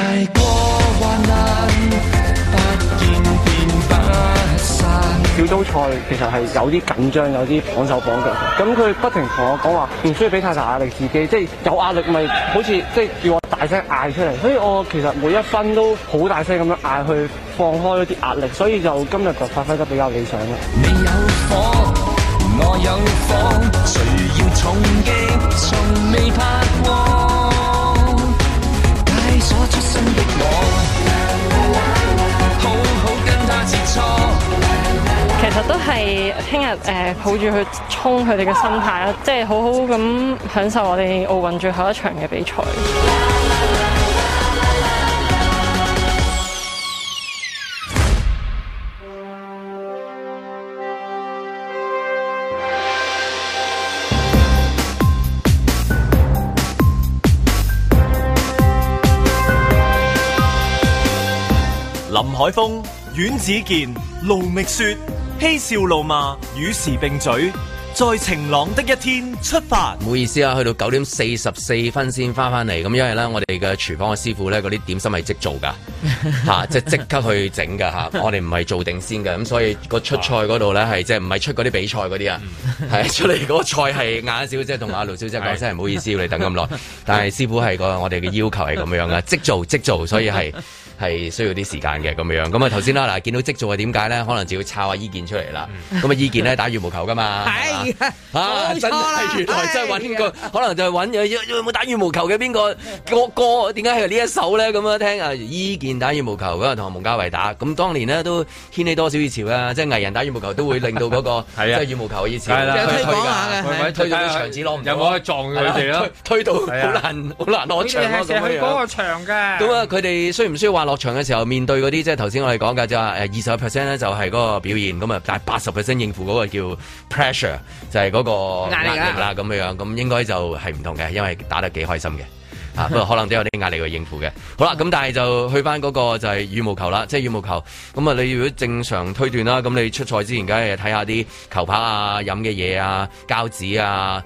小組賽其實係有啲緊張，有啲綁手綁腳。咁佢不停同我講話，唔需要俾太大壓力自己，即係有壓力咪好似即係叫我大聲嗌出嚟。所以我其實每一分都好大聲咁樣嗌去放開啲壓力，所以就今日就發揮得比較理想啦。你有火，我有火，誰要重擊從未拍過。街所出生的我，好好跟他接觸其實都係聽日誒，抱住去衝佢哋嘅心態咯，即係好好咁享受我哋奧運最後一場嘅比賽。林海峰、阮子健、盧覓雪。嬉笑怒罵，與時並嘴。在晴朗的一天出發。唔好意思啊，去到九點四十四分先翻翻嚟。咁因為咧， 我哋嘅廚房嘅師傅咧，嗰啲點心係即做噶，吓即即刻去整噶吓。我哋唔係做定先嘅，咁所以個出菜嗰度咧係即係唔係出嗰啲比賽嗰啲啊，係 出嚟嗰個菜係晏小姐同阿盧小姐講真係唔好意思要 你等咁耐。 但係師傅係個我哋嘅要求係咁樣噶， 即做即做，所以係。係需要啲時間嘅咁樣，咁啊頭先啦，嗱見到即做啊點解咧？可能就要抄下伊健出嚟啦。咁啊伊健咧打羽毛球㗎嘛，係、啊啊啊、真係、啊、原來真係揾個、啊，可能就係揾有冇打羽毛球嘅邊個個個？點解係呢一首咧？咁啊聽啊伊健打羽毛球，嗰日同阿蒙嘉慧打，咁當年呢，都掀起多少熱潮啊！即、就是、藝人打羽毛球都會令到、那、嗰個即、啊、羽毛球嘅熱潮，係啦、啊，推㗎、啊，推到、啊、場子攞有冇去撞佢哋咯？推到好難好難攞場咯，佢哋嗰個場嘅。咁啊，佢哋需唔需要話？落場嘅時候，面對啲即係頭先我哋講嘅就話誒二十個 percent 咧就係個表現咁啊，但係八十 percent 應付嗰個叫 pressure 就係個壓力啦咁樣樣，咁應該就係唔同嘅，因為打得幾開心嘅。 啊，不過可能都有啲壓力去應付嘅。好啦，咁但係就去翻嗰個就係羽毛球啦，即、就、係、是、羽毛球。咁啊，你如果正常推斷啦，咁你出賽之前梗係睇下啲球拍啊、飲嘅嘢啊、膠紙啊、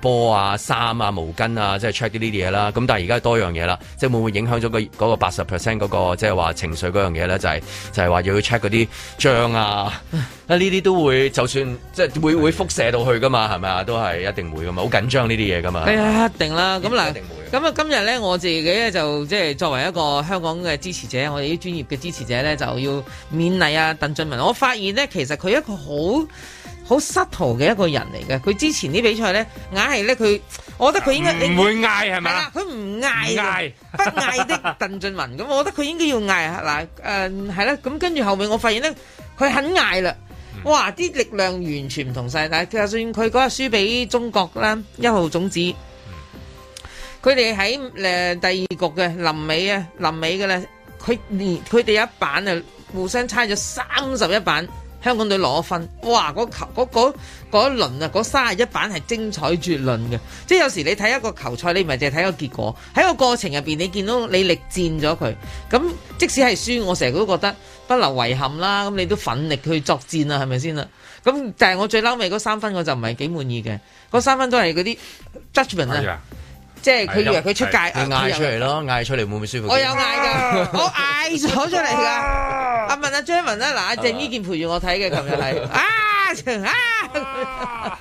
波、呃、啊、衫啊、毛巾啊，即係 check 啲呢啲嘢啦。咁但係而家多樣嘢啦，即、就、係、是、會唔會影響咗個嗰、那個八十 percent 嗰個即係話情緒嗰樣嘢咧？就係、是、就係話要去 check 嗰啲脹啊，呢 啲、啊、都會，就算即係、就是、會會輻射到去㗎嘛，係咪啊？都係一定會㗎嘛，好緊張呢啲嘢㗎嘛。一定啦，咁咁啊，今日咧我自己咧就即係作為一個香港嘅支持者，我哋啲專業嘅支持者咧就要勉勵啊，鄧俊文。我發現咧，其實佢一個好好 subtle 嘅一個人嚟嘅。佢之前啲比賽咧，硬係咧佢，我覺得佢應該唔會嗌係咪？佢唔嗌，不嗌的， 不嗌的鄧俊文。咁我覺得佢應該要嗌嗱，誒係啦。咁跟住後面，我發現咧，佢肯嗌啦。哇！啲力量完全唔同曬。但係就算佢嗰日輸俾中國啦，一號種子。佢哋喺誒第二局嘅臨尾啊，臨尾嘅啦，佢連佢哋一板啊，互相差咗三十一板，香港隊攞分，哇！嗰球嗰嗰嗰一輪啊，嗰卅一板係精彩絕倫嘅。即係有時你睇一個球賽，你唔係淨係睇個結果，喺個過程入邊，你見到你力戰咗佢。咁即使係輸，我成日都覺得不留遺憾啦。咁你都奮力去作戰啦，係咪先啦？咁但係我最嬲尾嗰三分，我就唔係幾滿意嘅。嗰三分都係嗰啲 judgment 啊。即係佢以為佢出界，嗌、啊、出嚟咯，嗌、啊、出嚟會唔會舒服？我有嗌㗎，啊、我嗌咗出嚟㗎。阿問阿張文啦，嗱阿鄭伊健陪住我睇嘅，今日係。啊啊，啊，啊！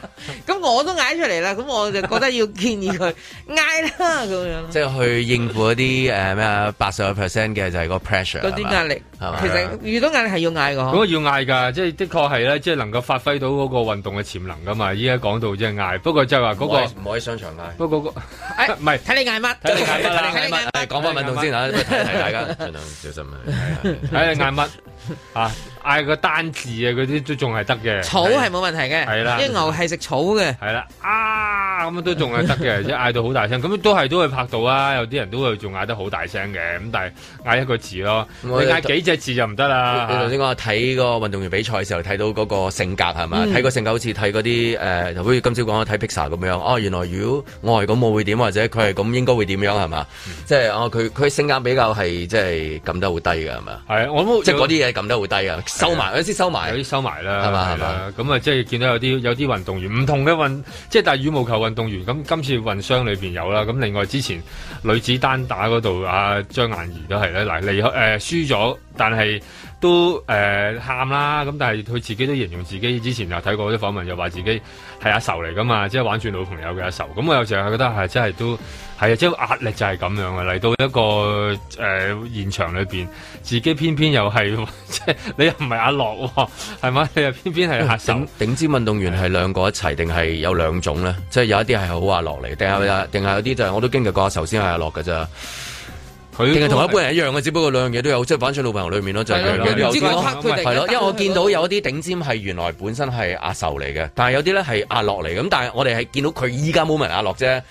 咁 我都嗌出嚟啦，咁我就覺得要建議佢嗌啦咁樣。即係去應付一啲誒咩啊，八十 percent 嘅就係個 pressure 嗰啲壓力，其實遇到壓力係要嗌㗎。咁啊、嗰個、要嗌㗎，即係的確係啦，即係能夠發揮到嗰個運動嘅潛能㗎嘛。依家講到即係嗌，不過即係話嗰個唔可，可以商場嗌。不過嗰、嗰個唔係睇你嗌乜，睇你嗌乜，睇你嗌乜。誒講翻運動先睇 大家盡量小心啊。睇 你嗌乜。 啊！嗌個單字啊，嗰啲都仲係得嘅。草係冇問題嘅，係啦。啲牛係食草嘅，係啦。啊，咁都仲係 得嘅，即嗌到好大聲。咁都係都會拍到啊！有啲人都會仲嗌得好大聲嘅。咁但係嗌一個字咯，你嗌幾隻字就唔得啦。你頭先講睇個運動員比賽嘅時候，睇到嗰個性格係嘛？睇個、嗯、性格好似睇嗰啲誒，好似、呃、今朝講睇披薩咁樣。哦、啊，原來如果我係咁，我會點或者佢係咁，應該會點樣係嘛？嗯、即係哦，佢、啊、佢性格比較係即係撳得好低嘅係嘛？係我即係啲嘢。咁都好低啊！收埋，佢先收埋，有啲收埋，有啲收埋啦，係嘛，係咪？咁啊，即係見到有啲有啲運動員，唔同嘅運，即係但係羽毛球運動員咁，今次運傷裏邊有啦。咁另外之前女子單打嗰度，阿張顏儀都係咧，嗱，離開誒輸咗。呃但係都誒喊、呃、啦，咁但係佢自己都形容自己之前又睇過啲訪問，又話自己係阿愁嚟噶嘛，即係玩轉老朋友嘅阿愁。咁我有時候就覺得係真係都係啊，即係壓力就係咁樣嘅。嚟到一個誒、呃、現場裏面，自己偏偏又係即係你又唔係阿樂喎、哦，係咪？你又偏偏係阿愁、呃。頂頂尖運動員係兩個一齊定係有兩種咧？即係有一啲係好阿樂嚟，定係定係有啲、嗯、就係、我都經歷過，過阿愁先係阿樂㗎咋。佢其實同一般人一樣嘅，只不過兩樣嘢都有，即係《反串老朋友裡》裏面咯，就係佢啦。都有啲咯，因為我見到有一啲頂尖係原來本身係阿壽嚟嘅，但係有啲咧係阿樂嚟嘅。咁但係我哋係見到佢依家冇問阿樂啫。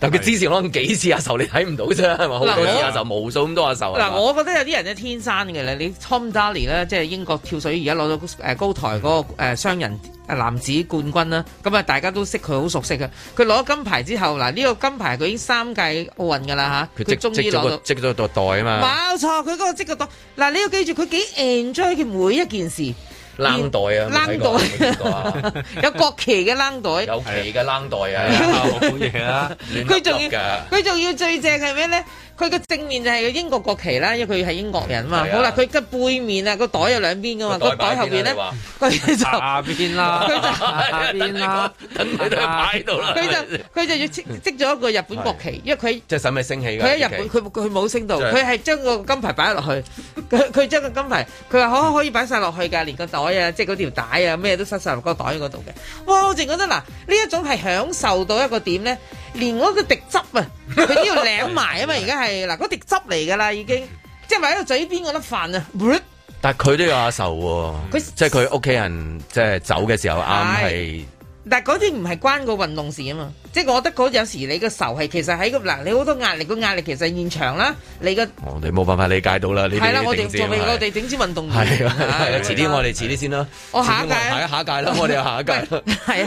但佢之前攞咁幾次阿受，你睇唔到啫，係咪好多次阿受，無數咁多亞受啊嗱，我覺得有啲人咧天生嘅咧，你 Tom Daley 咧，即係英國跳水而家攞到高台嗰個雙人男子冠軍啦，咁啊大家都識佢，好熟悉嘅。佢攞咗金牌之後，嗱、這、呢個金牌佢已經三屆奧運噶啦吓佢積中咗個,個,個積咗個袋啊嘛。冇錯，佢嗰個積個袋。嗱你要記住，佢幾 enjoy 嘅每一件事。冷袋啊，冷袋 有國旗嘅冷袋， 有旗嘅冷袋啊，好嘢啊！佢仲要，佢仲要最正係咩咧？佢嘅正面就係個英國國旗啦，因為佢係英國人啊嘛。好啦，佢嘅背面啊，個袋有兩邊㗎嘛，個袋後邊咧，佢就下邊啦，佢就下邊啦，梗係都擺喺度啦。佢就佢就要織織咗一個日本國旗，因為佢即係使咪升起㗎。佢喺日本，佢佢冇升到，佢係將個金牌擺落去。佢佢將個金牌，佢話可可以擺曬落去㗎，連個袋啊，即係嗰條帶啊，咩都塞曬落個袋嗰度嘅。哇！我淨覺得嗱，呢一種係享受到一個點咧，連嗰個滴汁啊，佢都要領埋啊嘛，而家係。係嗱，嗰滴汁嚟噶啦，已經即係咪喺個嘴邊嗰粒飯啊！但係佢都有阿壽喎、哦嗯，即係佢屋企人即係走嘅時候啱係。但嗰啲唔係關個運動事啊嘛，即係我覺得嗰有時候你嘅愁係其實喺嗱，你好多壓力，個壓力其實現場啦，你個。我哋冇辦法理解到啦。係啦，我哋我哋整支運動。係啊，係啊，遲啲我哋遲啲先啦、啊。我下一屆 下一屆啦，我哋下一屆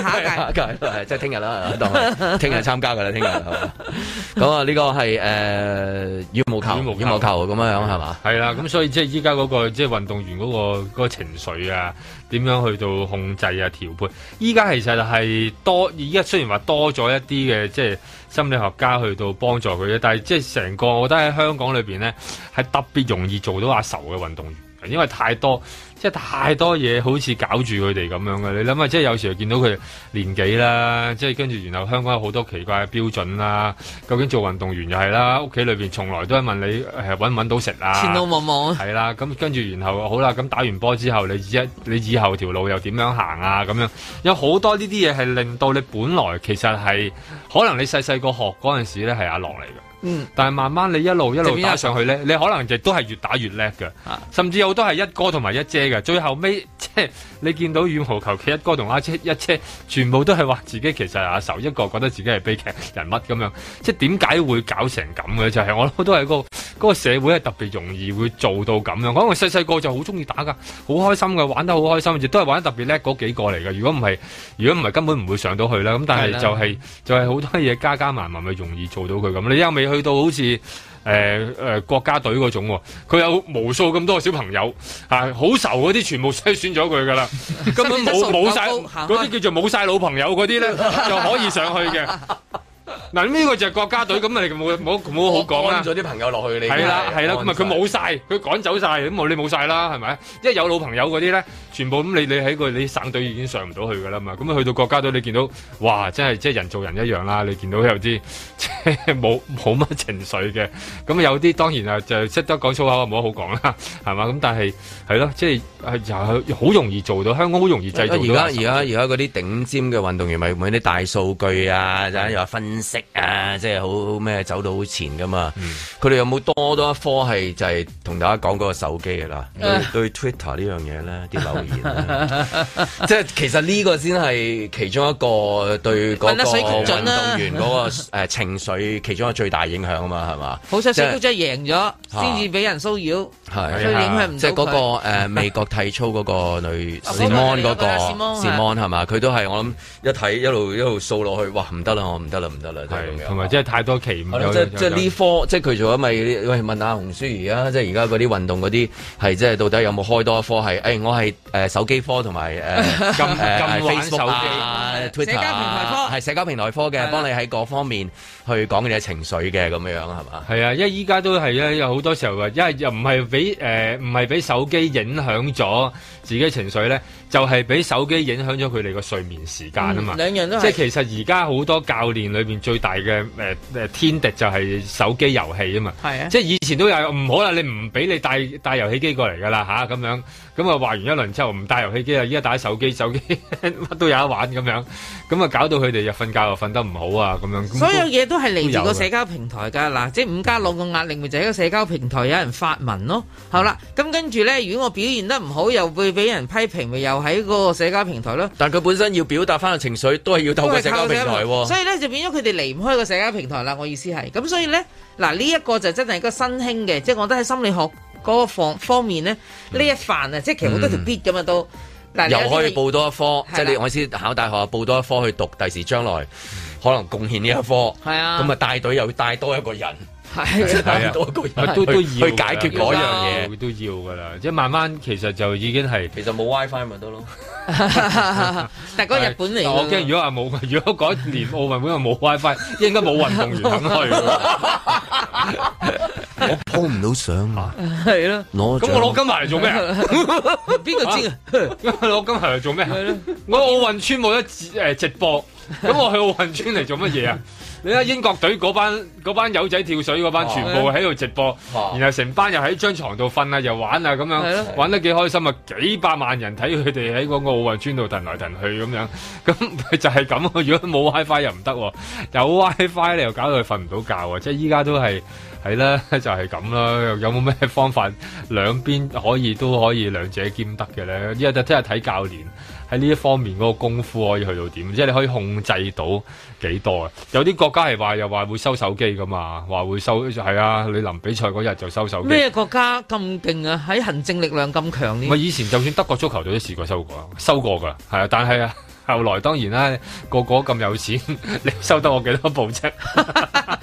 下一屆，係即係聽日啦，喺聽日參加㗎啦，聽 日。咁啊，呢個係誒羽毛球，羽毛球咁樣係嘛？係啦，咁所以、嗰個、即係依家嗰個即係運動員嗰、嗰個嗰個情緒啊。點樣去到控制啊調配？依家其實係多，依家雖然話多咗一啲嘅，即係心理學家去到幫助佢啫。但係即係成個，我覺得喺香港裏面咧，係特別容易做到阿愁嘅運動員。因為太多，即係太多嘢，好似搞住佢哋咁樣嘅。你諗下，即係有時候見到佢年紀啦,即係跟住然後香港有好多奇怪嘅標準啦。究竟做運動員又係啦，屋企裏邊從來都係問你搵唔搵到食啊？錢都冇，茫。係啦，咁跟住然後好啦，咁打完波之後，你一你以後條路又點樣行啊？咁樣有好多呢啲嘢係令到你本來其實係可能你細細個學嗰陣時咧係阿樂嚟嘅。嗯，但係慢慢你一路一路打上去呢，你可能就都係越打越叻嘅、啊，甚至有好多係一哥同埋一姐嘅。最後尾，即係你見到羽毛球嘅一哥同阿姐一姐，全部都係話自己其實阿仇，一個覺得自己係悲劇人物咁樣。即係點解會搞成咁嘅？就係、是、我都係、嗰個嗰、嗰個社會係特別容易會做到咁樣。可能細細個就好中意打噶，好開心嘅，玩得好開心，亦都係玩得特別叻嗰幾個嚟嘅。如果唔係，如果唔係根本唔會上到去啦。咁但係就係、是嗯、就係、是、好、就是、多嘢加加埋埋咪容易做到佢咁。你有去到好似誒誒國家隊嗰種，佢有無數咁多小朋友嚇，好愁嗰啲全部篩選咗佢噶啦，根本冇冇晒嗰啲叫做冇晒老朋友嗰啲咧，就可以上去嘅。 嗱呢個就係國家隊咁啊，冇冇冇好講啦！咗啲朋友落去你係啦係啦，咁啊佢冇晒，佢趕走晒，咁冇你冇晒啦，係咪？即係有老朋友嗰啲咧，全部咁你你喺個你省隊已經上唔到去噶啦嘛，咁啊去到國家隊你見到哇，真係即係人做人一樣啦！你見到有啲冇冇乜情緒嘅，咁啊有啲當然啊就識得講粗口，唔好好講啦，係嘛？咁但係係咯，即係又係好容易做到，香港好容易製造。而家而家而家嗰啲頂尖嘅運動員咪用啲大數據啊，又分。認識啊，即係好咩，走到好前噶嘛。佢、嗯、哋有冇多多一科係，就係同大家講嗰個手機噶啦，對 Twitter 呢樣嘢咧，啲留言 即係其實呢個先係其中一個對嗰個運動員嗰個誒情緒其中一個最大影響啊嘛，係嘛？好想即係即贏咗，先至俾人騷擾。係、啊啊啊，即係嗰、那個誒、呃、美國體操嗰個女 Simone 嗰、那個 Simone 係嘛？佢、啊、都係我諗一睇一路一路掃落去，哇唔得啦，我唔得啦。係，同埋即係太多期望，即係呢科，即係佢做咗咪？喂，問下紅書而家，即係而家嗰啲運動嗰啲係即係到底有冇開多一科？係，誒，我係誒、呃、手機科同埋誒誒 Facebook 啊，啊 Twitter，社交平台科係社交平台科嘅，幫你喺各方面。去講你嘅情緒嘅咁樣係嘛？係啊，因為依家都係咧，有好多時候啊，因為又唔係俾誒唔係俾手機影響咗自己情緒咧，就係、是、俾手機影響咗佢哋個睡眠時間啊嘛、嗯。兩樣都即係其實而家好多教練裏面最大嘅、呃、天敵就係手機遊戲啊嘛。係啊，即係以前都有唔好啦，你唔俾你帶帶遊戲機過嚟㗎啦吓。咁、啊、樣，咁啊話完一輪之後唔帶遊戲機啊，依家帶手機，手機乜都有得玩咁樣，咁啊搞到佢哋日瞓覺又瞓得唔好啊咁樣。所有嘢都係嚟自個社交平台噶，嗱，即係五加六個壓力，咪就喺個社交平台有人發文咯，好啦，咁跟住咧，如果我表現得唔好，又會俾人批評，咪又喺個社交平台咯。但佢本身要表達翻個情緒，都係要透過社交平台。所以咧，就變咗佢哋離唔開個社交平台啦。我意思係，咁所以咧，嗱呢一個就真係一個新興嘅，即係我覺得喺心理學嗰個方方面咧呢、嗯、一範啊，即係其實好多條 bit 咁啊都。但又可以報多一科，即係你我先考大學報多一科去讀，第時將來。嗯可能貢獻呢一科，係啊，噉啊帶隊又要帶多一個人。係，即係太多個人都都要去，去解決嗰樣嘢，都要噶啦、啊。即係慢慢，其實就已經係其實冇 WiFi 咪得咯。 但係嗰個日本嚟，我驚如果話冇，如果嗰一年奧運會又冇 WiFi， 應該冇運動員肯去。我 po 唔到相啊，係咯。攞 咁我攞金牌嚟做咩啊？邊個知啊？攞金牌嚟做咩啊？我奧運村冇得直誒直播，咁我去奧運村嚟做乜嘢啊？嗯嗯嗯嗯嗯嗯你睇英國隊嗰班嗰班友仔跳水嗰班，全部喺度直播，啊啊、然後成班又喺張床度瞓啊，又玩啊咁樣，玩得幾開心啊！幾百萬人睇佢哋喺嗰個奧運村度騰來騰去咁樣，咁就係、是、咁如果冇 WiFi 又唔得，有 WiFi 你又搞到佢瞓唔到覺，即係依家都係係啦，就係咁啦。有冇咩方法兩邊可以都可以兩者兼得嘅咧？依家就聽日睇教練。喺呢一方面嗰個功夫可以去到點，即係你可以控制到幾多嘅？有啲國家係話又話會收手機噶嘛，話會收係啊！你臨比賽嗰日就收手機。咩國家咁勁啊？喺行政力量咁強？唔係以前就算德國足球隊都試過收過，收過㗎，係啊！但係啊，後來當然啦、啊，個個咁有錢，你收得我幾多部啫？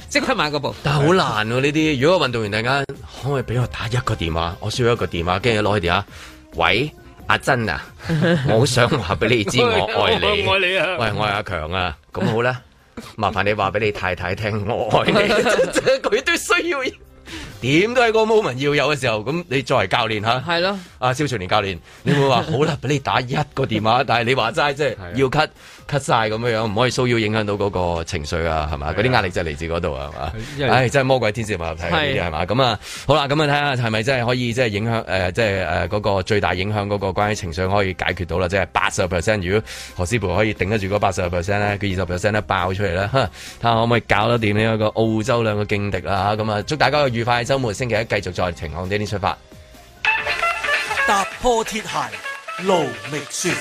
即 刻買個部，但係好難喎呢啲。 如果運動員大家，可唔可以俾我打一個電話？我需要一個電話，跟住攞起電話，喂。阿珍啊，我好想話俾你知， 我愛你我我。我愛你啊！喂，我係阿強啊，咁 好啦，麻煩你話俾你太太聽，我愛你。佢 都需要，點都係個 moment 要有嘅時候，咁你作為教練吓，係咯？阿肖傳廉教練，你會話好啦，俾你打一個電話， 但係你話齋即係要 cut cut 曬咁樣樣，唔可以騷擾影響到嗰個情緒啊，係嘛？嗰啲壓力就係嚟自嗰度啊嘛。唉，真係魔鬼天線合體嗰啲係嘛？咁啊，好啦，咁啊睇下係咪真係可以即係影響誒，即係誒嗰個最大影響嗰個關於情緒可以解決到啦，即係八十 percent。如果何師傅可以頂得住嗰八十 percent 咧，佢二十 percent 爆出嚟咧，睇下可唔可以搞得掂呢一個澳洲兩個勁敵啦嚇。咁啊，祝大家愉快嘅週末，星期一繼續在晴朗的一天出發。踏破鐵鞋路未絕。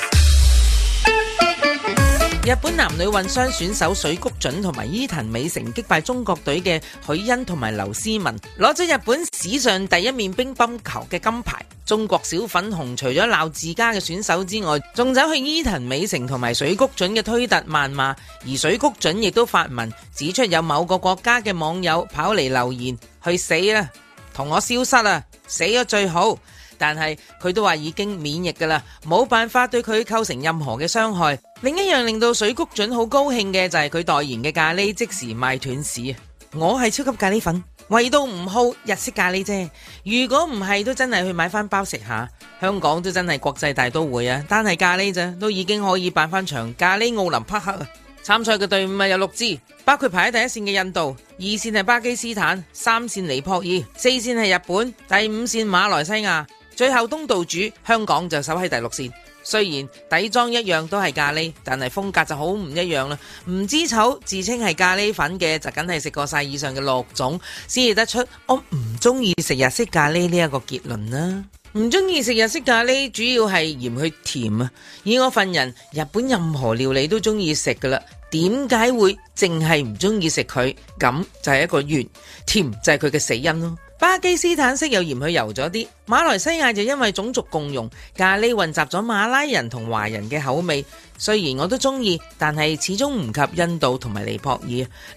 日本男女混雙選手水谷隼同埋伊藤美誠擊敗中國隊嘅許昕同埋劉詩雯，攞咗日本史上第一面乒乓球嘅金牌。中國小粉紅除咗鬧自家嘅選手之外，仲走去伊藤美誠同埋水谷隼嘅推特謾罵，而水谷隼亦都發文指出有某個國家嘅網友跑嚟留言，去死啦，同我消失啦，死咗最好。但係佢都話已經免疫噶啦，冇辦法對佢構成任何嘅傷害。另一樣令到水谷准好高興嘅就係、是、佢代言嘅咖喱即時賣斷市。我係超級咖喱粉，味道唔好日式咖喱啫。如果唔係都真係去買翻包食下。香港都真係國際大都會啊！單係咖喱咋，都已經可以辦翻場咖喱奧林匹克啊！參賽嘅隊伍啊有六支，包括排喺第一線嘅印度，二線係巴基斯坦，三線尼泊爾，四線係日本，第五線馬來西亞。最後東道主香港就守喺第六線，雖然底妝一樣都係咖喱，但係風格就好唔一樣啦。唔知醜，自稱係咖喱粉嘅就梗係食過晒以上嘅六種，先至得出我唔中意食日式咖喱呢一個結論啦。唔中意食日式咖喱主要係嫌佢甜啊。以我份人，日本任何料理都中意食噶啦，點解會淨係唔中意食佢？咁就係一個原因，甜就係佢嘅死因咯。巴基斯坦式又嫌佢油咗啲，馬來西亞就因為種族共融，咖喱混雜咗馬拉人同華人嘅口味。雖然我都中意，但係始終唔及印度同埋尼泊爾。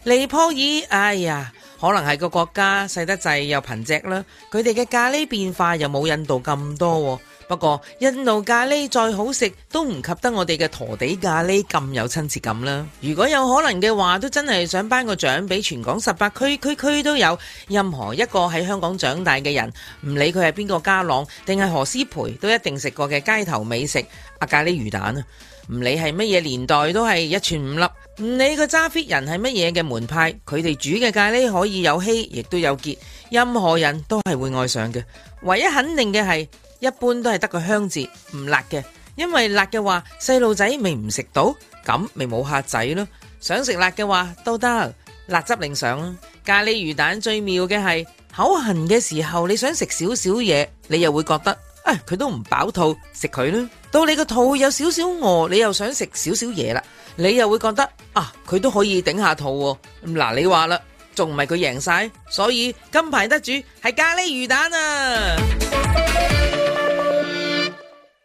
尼泊爾，哎呀，可能係個國家細得滯又貧瘠啦，佢哋嘅咖喱變化又冇印度咁多。不過，印度咖喱再好食都唔及得我哋嘅陀地咖喱咁有親切感啦。如果有可能嘅話，都真係想頒個獎俾全港十八區區區都有，任何一個喺香港長大嘅人，唔理佢係邊個家朗定係何詩蓓，都一定食過嘅街頭美食阿、啊、咖喱魚蛋啊。唔理係乜嘢年代，都係一串五粒。唔理個揸 fit 人係乜嘢嘅門派，佢哋煮嘅咖喱可以有稀，亦都有杰，任何人都係會愛上嘅。唯一肯定嘅係。一般都係得個香字，唔辣嘅，因為辣嘅話細路仔未唔食到，咁咪冇客仔咯。想食辣嘅話都得，辣汁另上。咖喱魚蛋最妙嘅係口痕嘅時候，你想食少少嘢，你又會覺得，唉，佢都唔飽肚，食佢啦。到你個肚有少少餓，你又想食少少嘢啦，你又會覺得，啊，佢都可以頂下肚。嗱，你話啦，仲唔係佢贏晒？所以金牌得主係咖喱魚蛋啊！